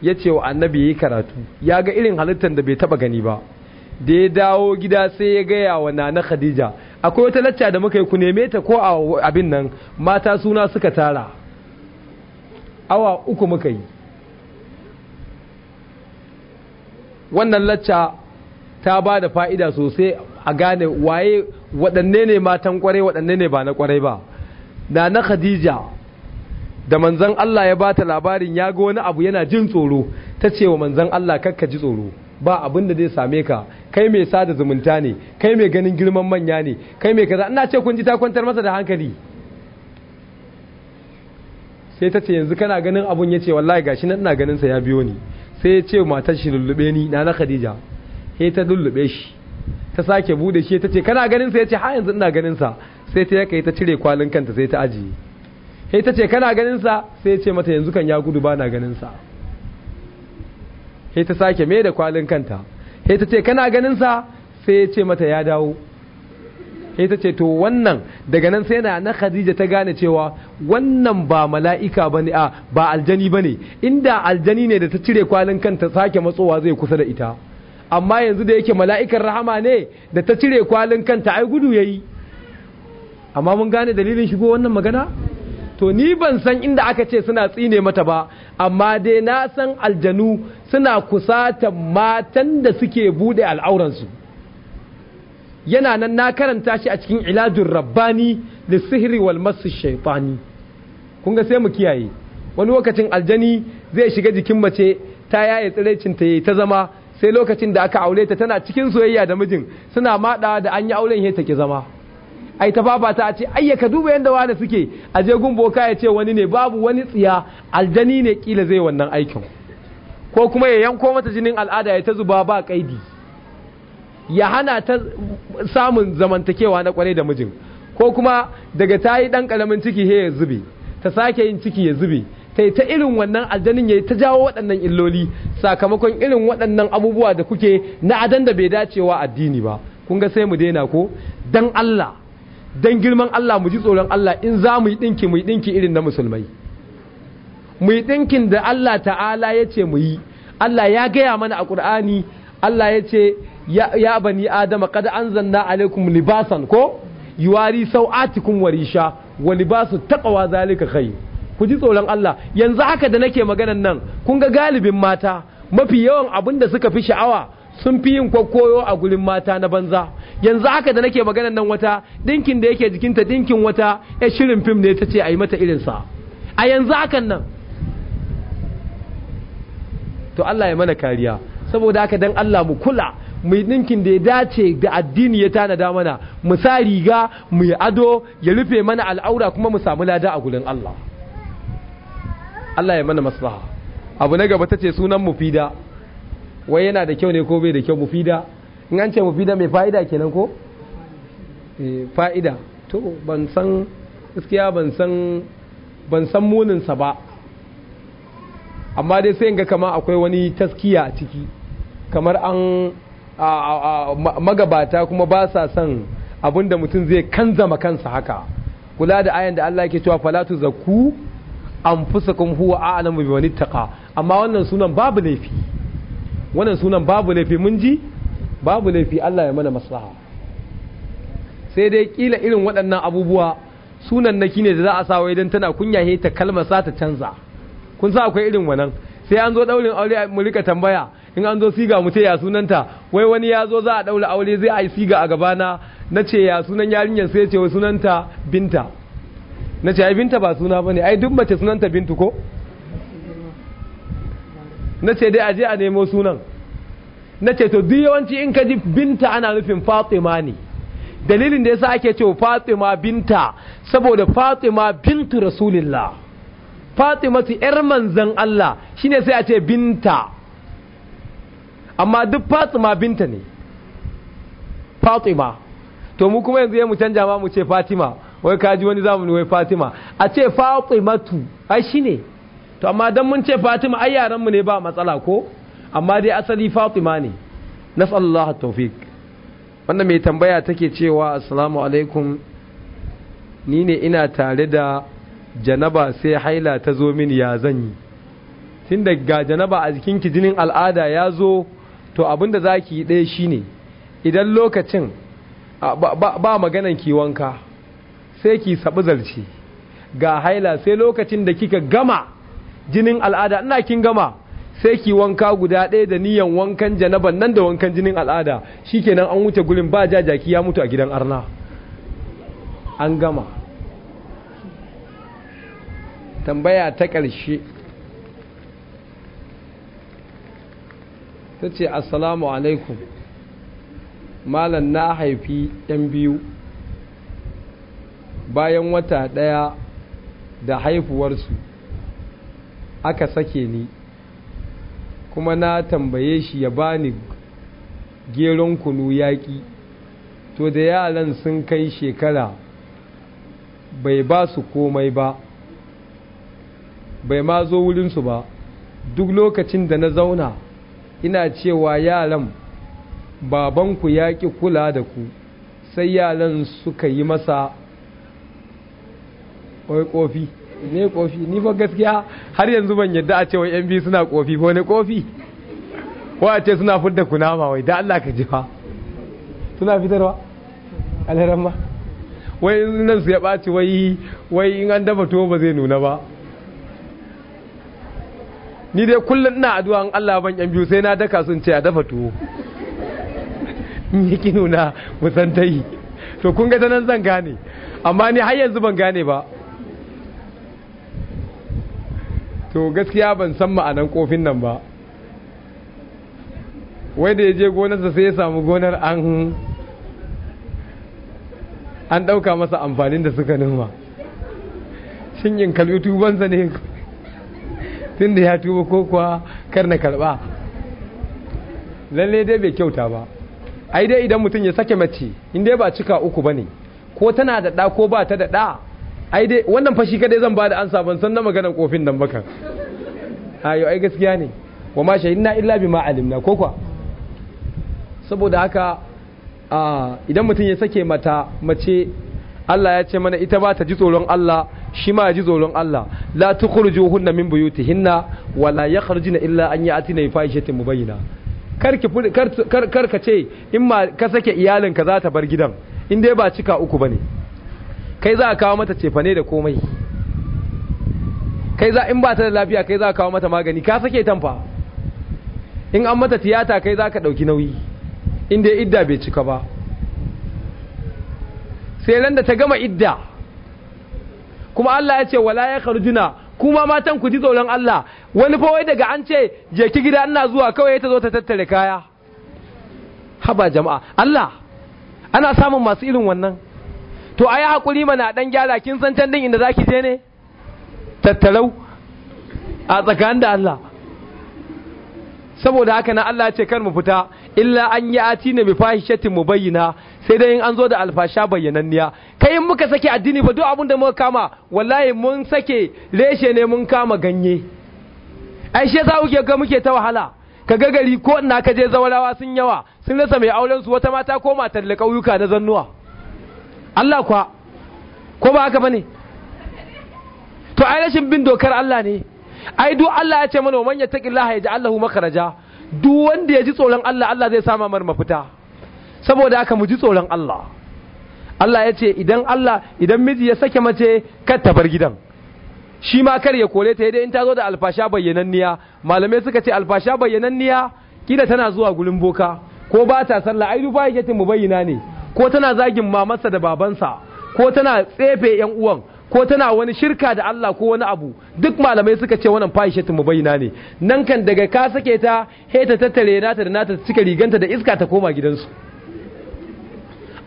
ya ce wa annabi ya yi karatu ya ga irin halittar da bai taba gani ba da ya dawo gida sai ya gaya wa nana khadija akwai wata lacca da muka yi ku neme ta ko abin nan mata suna suka tara awa uku muka yi wannan lacca ta ba da fa'ida sosai a gane waye waɗanne ne matan ƙwarai waɗanne ne ba na kwarai ba Nana na khadija da manzon Allah ya bata labarin ya ga wani abu yana jin tsoro ta ce wa manzan Allah kakka ji tsoro ba abin da zai same ka kai mai sada zumunta ne kai mai ganin girman manya ne kai mai kaza ina ce kun ji ta kwantar masa da hankali sai ta ce yanzu kana ganin abun ya ce wallahi gashi na ina ganin sa ya biyo ni sai ya ce matar shi lullube ni na na khadija sai ta lullube shi ta sake bude shi ta ce kana ganin sa ya ce ha yanzu ina ganin sa sai ta yaka ta cire kwalin kanta sai ta ajiye sai ta ce kana ganin sa sai ce mata yanzu kan ya gudu ba na ganin sa sai ta sake me da kwalin kanta sai ta ce kana ganin sa sai ce mata ya dawo sai ta ce to wannan daga nan sai na Khadija ta gane cewa wannan ba mala'ika bane a ba aljani bane inda aljani ne da ta cire kwalin kanta sake matsowa zai kusa da ita amma yanzu da yake mala'ikan rahama ne da ta cire kwalin kanta ai gudu yayi amma mun gane dalilin shigo wannan magana to ni ban san inda aka ce suna tsine mata ba amma dai na san aljanu suna kusata matan da suke bude al'auransu yana nan na karanta shi a cikin iladun rabbani da sihiri wal masu shaifani kun ga sai mu kiyaye wani lokacin aljani zai shiga jikin mace ta yaye tsiraicinta ya ta zama sai lokacin da aka aure ta tana cikin soyayya da mijin suna maɗa da an yi auren ya ta zama ai ta fafata a ce ayyaka duba yadda wani suke a je gun boka ya ce wani ne babu wani tsiya aljani ne kila zai wannan aikin ko kuma ya yanko mata jinin al'ada ya ta zuba ba kaidi ya hana ta samun zamantakewa na kwarai da mijin ko kuma daga ta yi ɗan karamin ciki he ya zube ta sake yin ciki ya zube ta ta irin wannan aljanin ya ta jawo waɗannan illoli sakamakon irin waɗannan abubuwa da kuke na adan da bai dacewa addini ba kun ga sai mu daina ko dan Allah don girman Allah mu ji tsoron Allah in za mu yi ɗinki mu yi ɗinki irin na musulmai mu yi ɗinkin da Allah ta'ala ya ce mu yi Allah ya gaya mana a ƙur'ani Allah ya ce ya bani adama kada an zanna alaikum libasan ko yuwari atikun warisha wa libasu taqwa zalika kai ku ji tsoron Allah yanzu haka da nake maganan nan kun ga galibin mata mafi yawan abin da suka fi sha'awa sun fi yin kwakkoyo a gurin mata na banza yanzu haka da nake maganan nan wata dinkin da yake jikinta dinkin wata ya shirin fim ne ta ce a yi mata irinsa a yanzu hakan nan to Allah ya mana kariya saboda haka dan Allah mu kula mu dinkin da ya dace da addini ya tanada mana mu sa riga mu yi ado ya rufe mana al'aura kuma mu samu lada a gurin Allah Allah ya mana maslaha abu na gaba tace sunan mufida wai yana da kyau ne ko bai da kyau mufida in an ce mu mufida mai fa'ida kenan ko eh, fa'ida to ban san gaskiya ban san muninsa ba amma dai sai ga kama akwai wani taskiya a ciki kamar an magabata kuma ba sa son da mutum zai kanzama kansa haka kula da ayan da Allah yake cewa falatu zakku kuma huwa a'lamu bi wani taka amma wannan sunan babu laifi wannan sunan babu laifi mun ji babu laifi Allah ya mana maslaha sai dai kila irin waɗannan abubuwa sunan naki ne da za a wa idan tana kunya he ta kalmar sa ta canza kun sa akwai irin wannan sai an zo daurin aure mu rika tambaya in an zo siga mu ce ya sunanta wai wani ya zo za a daura aure zai a yi siga a gabana na ce ya sunan yarinyar sai ce wai sunanta binta na ce ai binta ba suna bane ai duk mace sunanta bintu ko na ce dai aje a nemo sunan na ce to duk yawanci in ka ji binta ana nufin fatima ne dalilin da yasa ake cewa fatima binta saboda fatima bintu rasulillah fatima su yar manzan Allah shine sai a ce binta amma duk fatima binta ne fatima to mu kuma yanzu ya mu canja ma mu ce fatima wai kaji wani zamani wai fatima a ce fatimatu ai shine to amma dan mun ce fatima ai yaran mu ne ba matsala ko amma dai asali fatima ne na nasallallahu taufik wanda mai tambaya take cewa assalamu alaikum ni ne ina tare da janaba sai haila ta zo mini ya zan yi tun ga janaba a jikinki jinin al'ada ya zo to abinda za ki yi ɗaya shine idan lokacin ba maganan ki wanka sai ki sabu zarci ga haila sai lokacin da kika gama jinin al'ada ina kin gama sai ki wanka guda ɗaya da niyan wankan janaban nan da wankan jinin al'ada shi shikenan an wuce gurin ba jajaki ya mutu a gidan arna an gama tambaya ta ƙarshe ta ce assalamu alaikum malam na haifi ɗan biyu bayan wata ɗaya da haifuwarsu aka sake ni kuma na tambaye shi ya bani geron kunu yaƙi to da yaran sun kai shekara bai ba su komai ba bai ma zo wurinsu ba duk lokacin da na zauna ina cewa yaran babanku ya ƙi kula da ku sai yaran suka yi masa ƙofi ne kofi ni fa gaskiya har yanzu ban yadda a ce wai yan biyu suna kofi ko ne kofi ko a ce suna fidda kunama wai da Allah ka ji fa suna fitarwa alheran ma wai in nan su ya ɓaci wai wai in an dafa tuwo ba zai nuna ba ni dai kullum ina addu'a in Allah ban yan biyu sai na daka sun ce a dafa tuwo yake nuna musantai to kun ga ta nan zan gane amma ni har yanzu ban gane ba to gaskiya ban san ma'anan kofin nan ba wai da ya je gonarsa sai ya samu gonar an an ɗauka masa amfanin da suka nima shin yin kalbi tubansa ne tun da ya tuba ko kuwa kar na karɓa lalle dai bai kyauta ba ai dai idan mutum ya sake mace inda ba cika uku ba ne ko tana da ɗa ko ba ta da ɗa ai dai wannan fashi kadai zan da ansa ban san na maganar kofin nan baka ayo ai gaskiya ne wa ma shahidna illa bima alimna ko kwa saboda haka idan mutum ya sake mata mace Allah ya ce mana ita ba ta ji tsoron Allah shi ma ji tsoron Allah la tukhrujuhunna min buyutihinna wa la yakhrujuna illa an ya'tina bi fahishatin mubayyina kar ki kar kar ka ce in ma ka sake iyalinka za ta bar gidan in dai ba cika uku bane kai za a kawo mata cefane da komai kai za in ba ta da lafiya kai za a kawo mata magani ka sake tamfa in an mata tiyata kai za ka ɗauki nauyi inda ya idda bai cika ba sai ran da ta gama idda kuma Allah ya ce wala ya kharjuna kuma matan ku ji tsoron Allah wani fa daga an ce je ki gida ina zuwa kawai ta zo ta tattare kaya haba jama'a Allah ana samun masu irin wannan to ayi hakuri mana dan gyara kin san can din inda zaki je ne tattarau a tsakanin da Allah saboda haka na Allah ce kar mu fita illa an yi ati na bi fahishatin bayyana sai dai an zo da alfasha bayyananniya kai in muka sake addini ba duk abin da muka kama wallahi mun sake reshe ne mun kama ganye ai shi yasa kuke ga muke ta wahala ka ga gari ko ina ka je zawarawa sun yawa sun rasa mai auren su wata mata ko matar da kauyuka na zannuwa Allah kwa ko ba haka bane to ai rashin bin dokar Allah ne ai duk Allah ya ce mana wa man ji yaj'alhu makaraja duk wanda ya ji tsoron Allah Allah zai sama mar mafita saboda haka mu ji tsoron Allah Allah ya ce idan Allah idan miji ya sake mace kar ta bar gidan shi ma kar ya kore ta idan in ta zo da alfasha bayyananniya malamai suka ce alfasha bayyananniya kila tana zuwa gurin boka ko ba ta sallah ai duk ba yake mu bayyana ne ko tana zagin mamansa da babansa ko tana tsefe yan uwan ko tana wani shirka da Allah ko wani abu duk malamai suka ce wannan fahishatun mubayyana ne nan kan daga ka sake ta he ta tattare nata da nata cika riganta da iska ta koma gidansu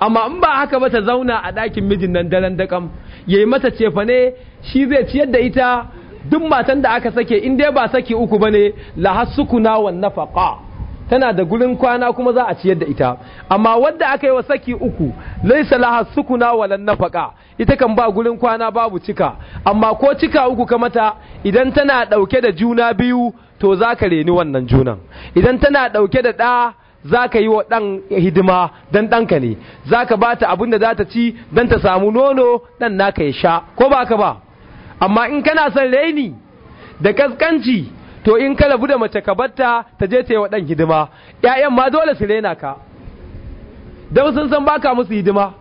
amma in ba haka ba ta zauna a ɗakin mijin nan daren dakam yayi mata cefa ne shi zai ciyar da ita duk matan da aka sake in dai ba saki uku bane la hasukuna wan nafaqa tana da gurin kwana kuma za a ciyar da ita amma wadda aka yi wa saki uku laisa laha sukuna walan nafaka ita kan ba gurin kwana babu cika amma ko cika uku ka mata idan tana dauke da juna biyu to za ka reni wannan junan idan tana dauke da ɗa za ka yi wa ɗan hidima don ɗanka ne za ka ba ta abin da za ta ci don ta samu nono ɗan naka ya sha ko ba ka ba amma in kana son reni da kaskanci to in ka rabu da mace ka batta ta je ta yi wa hidima ‘ya'yan ma dole su rena ka don sun san baka musu hidima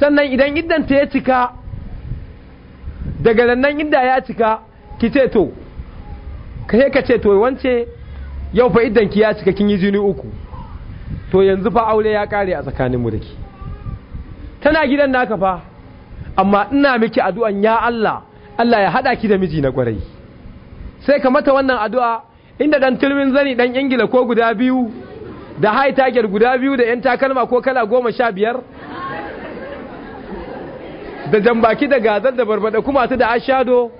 sannan idan idan ta ya cika daga nan inda ya cika ki ce to ka ka ce to wance yau fa idan ki ya cika kin yi jini uku to yanzu fa aure ya kare a tsakaninmu da ki tana gidan naka fa amma ina miki addu'an ya Allah Allah ya haɗa ki da miji na kwarai sai ka mata wannan addu'a inda ɗan turmin zani dan ingila ko guda biyu da high target guda biyu da yan takalma ko kala goma sha biyar da jambaki da gazar da barbada kuma su da ashado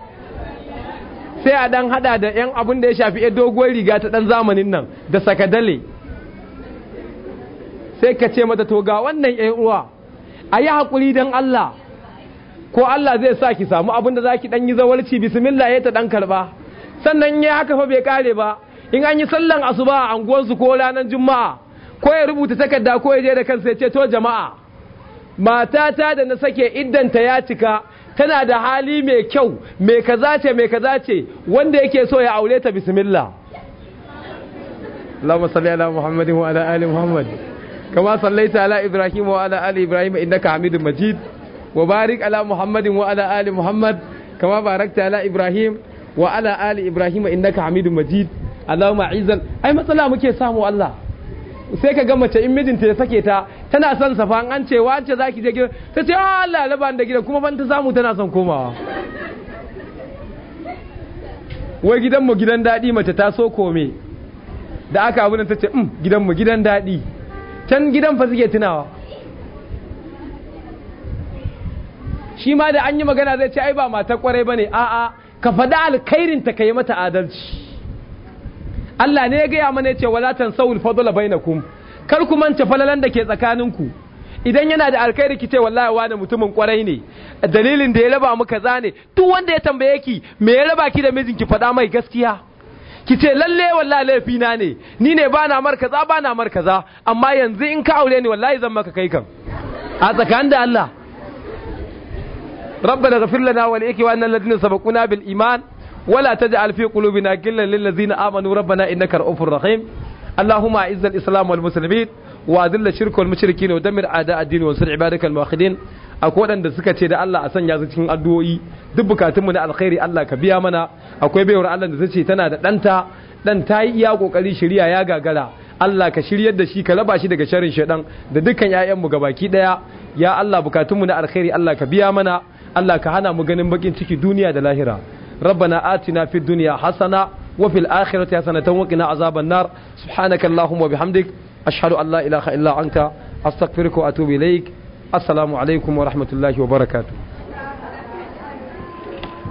sai a ɗan haɗa da yan abun da ya shafi ya doguwar riga ta ɗan zamanin nan da sakadale sai ka ce mata to ga wannan yan uwa a yi haƙuri don Allah ko Allah zai sa ki samu abin da zaki ɗan yi zawarci bismillah ya ta dan karba sannan ya haka fa bai kare ba in an yi sallan asuba a anguwar ko ranar juma'a ko ya rubuta takarda ko ya je da kansa ya ce to jama'a matata da na sake iddanta ya cika tana da hali mai kyau mai kaza ce mai kaza ce wanda yake so ya aure ta bismillah Allahumma salli ala Muhammadin wa ala ali Muhammad kama sallaita ala Ibrahim wa ala ali Ibrahim innaka Hamidum Majid ala Muhammadin wa ala ali muhammad kama barakta ala ibrahim wa ala ali ibrahim innaka حميد majid allahumma عزا Ai matsala muke samu Allah. sai ka gama mace in mijinta ya sake ta tana son safa an ce wace zaki je gidan ta ce ah Allah laban da gidan kuma ban ta samu tana son komawa wai gidan mu gidan daɗi mace ta so kome da aka abu ta ce mm, mu gidan daɗi can gidan fa suke tunawa shi ma da an yi magana zai ce ai ba matar kwarai ba bane a'a ka faɗi alkhairin ta ka yi mata adalci Allah ne ya gaya mana ya ce wala sawul fadla bainakum kar ku manta falalan da ke tsakaninku idan yana da alkhairi ki ce wallahi wani mutumin kwarai ne dalilin da ya raba mu kaza ne duk wanda ya tambaye ki me ya raba ki da mijin ki faɗa mai gaskiya ki ce lalle wallahi laifi na ne ni ne ba na mar ba na mar amma yanzu in ka aure ni wallahi zan maka kai kan a tsakanin da Allah ربنا غفر لنا وأن الذين سبقونا بالإيمان ولا تجعل في قلوبنا كلا للذين آمنوا ربنا إنك رؤوف رحيم اللهم أعز الإسلام والمسلمين وأذل الشرك والمشركين ودمر أعداء الدين وانصر عبادك الموحدين akwai waɗanda suka ce da Allah a sanya su cikin addu'o'i duk bukatunmu na alkhairi Allah ka biya mana akwai baiwar Allah da ce tana da ɗanta ɗan ta yi iya ƙoƙari shirya ya gagara Allah ka shiryar da shi ka raba shi daga sharrin shaidan da dukkan 'ya'yanmu gabaki daya ya Allah bukatunmu na alkhairi Allah ka biya mana Allah ka hana mu ganin bakin ciki duniya da lahira rabbana atina fid dunya hasana wa fil akhirati hasanatan wa qina azaban nar subhanaka allahumma bihamdik ashhadu an la ilaha illa anta astaghfiruka wa atubu ilaik assalamu alaikum wa rahmatullahi wa barakatuh